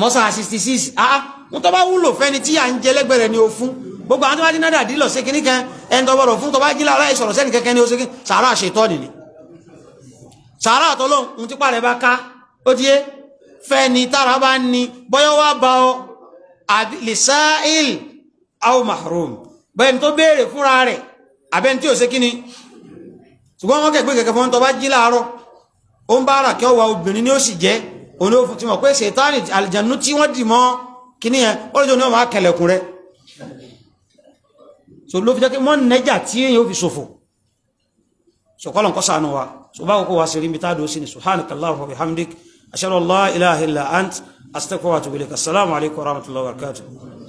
mọ́sà sixty six ah wọ́n tó bá wúlò fẹ́ni tí yà ń jẹ lẹ́gbẹ̀rẹ̀ ni ó fún gbogbo àwọn tó bá dín náà dàdí lọ sí kinní kan ẹni tó bọ̀rọ̀ fún tó bá jí lára ìsọ̀rọ̀ sẹ́ni kẹ́kẹ́ ni ó ṣe sàrà ṣe tọ́ nìní sàárà àtọ́lọ́hun ohun tí pàrẹ bá ká ó ti yé fẹ́ ni tára bá ní bọ́yọ́ wá bá ọ lisail aw mahrum bẹ́ẹ̀ni tó béèrè fúnra rẹ̀ àbẹ́ni tí ò ṣe kíni ṣùgbọ́n wọ́n kẹ̀gbé kẹ̀kẹ́ fún tó bá jí láàárọ̀ ó ń bá ara kí ọwà obìnrin ni ó sì jẹ́ òní òfin ti mọ̀ pé ṣètánì àlìjànú tí wọ́n dì mọ́ kíní yẹn ó lójú ní ọmọ akẹlẹ̀kùn rẹ̀ so ló fi jẹ́ kí wọ́n nẹ́jà tí èèyàn ó fi ṣòfò so kọ́lọ̀ kọ́ sànù wa so báwo kó wa sí rí mi tá a dùn sí ni subhanakallahu wa bihamdik ashhadu an la ilaha illa ant astaghfiruka wa atubu ilaik assalamu alaikum wa rahmatullahi wa barakatuh.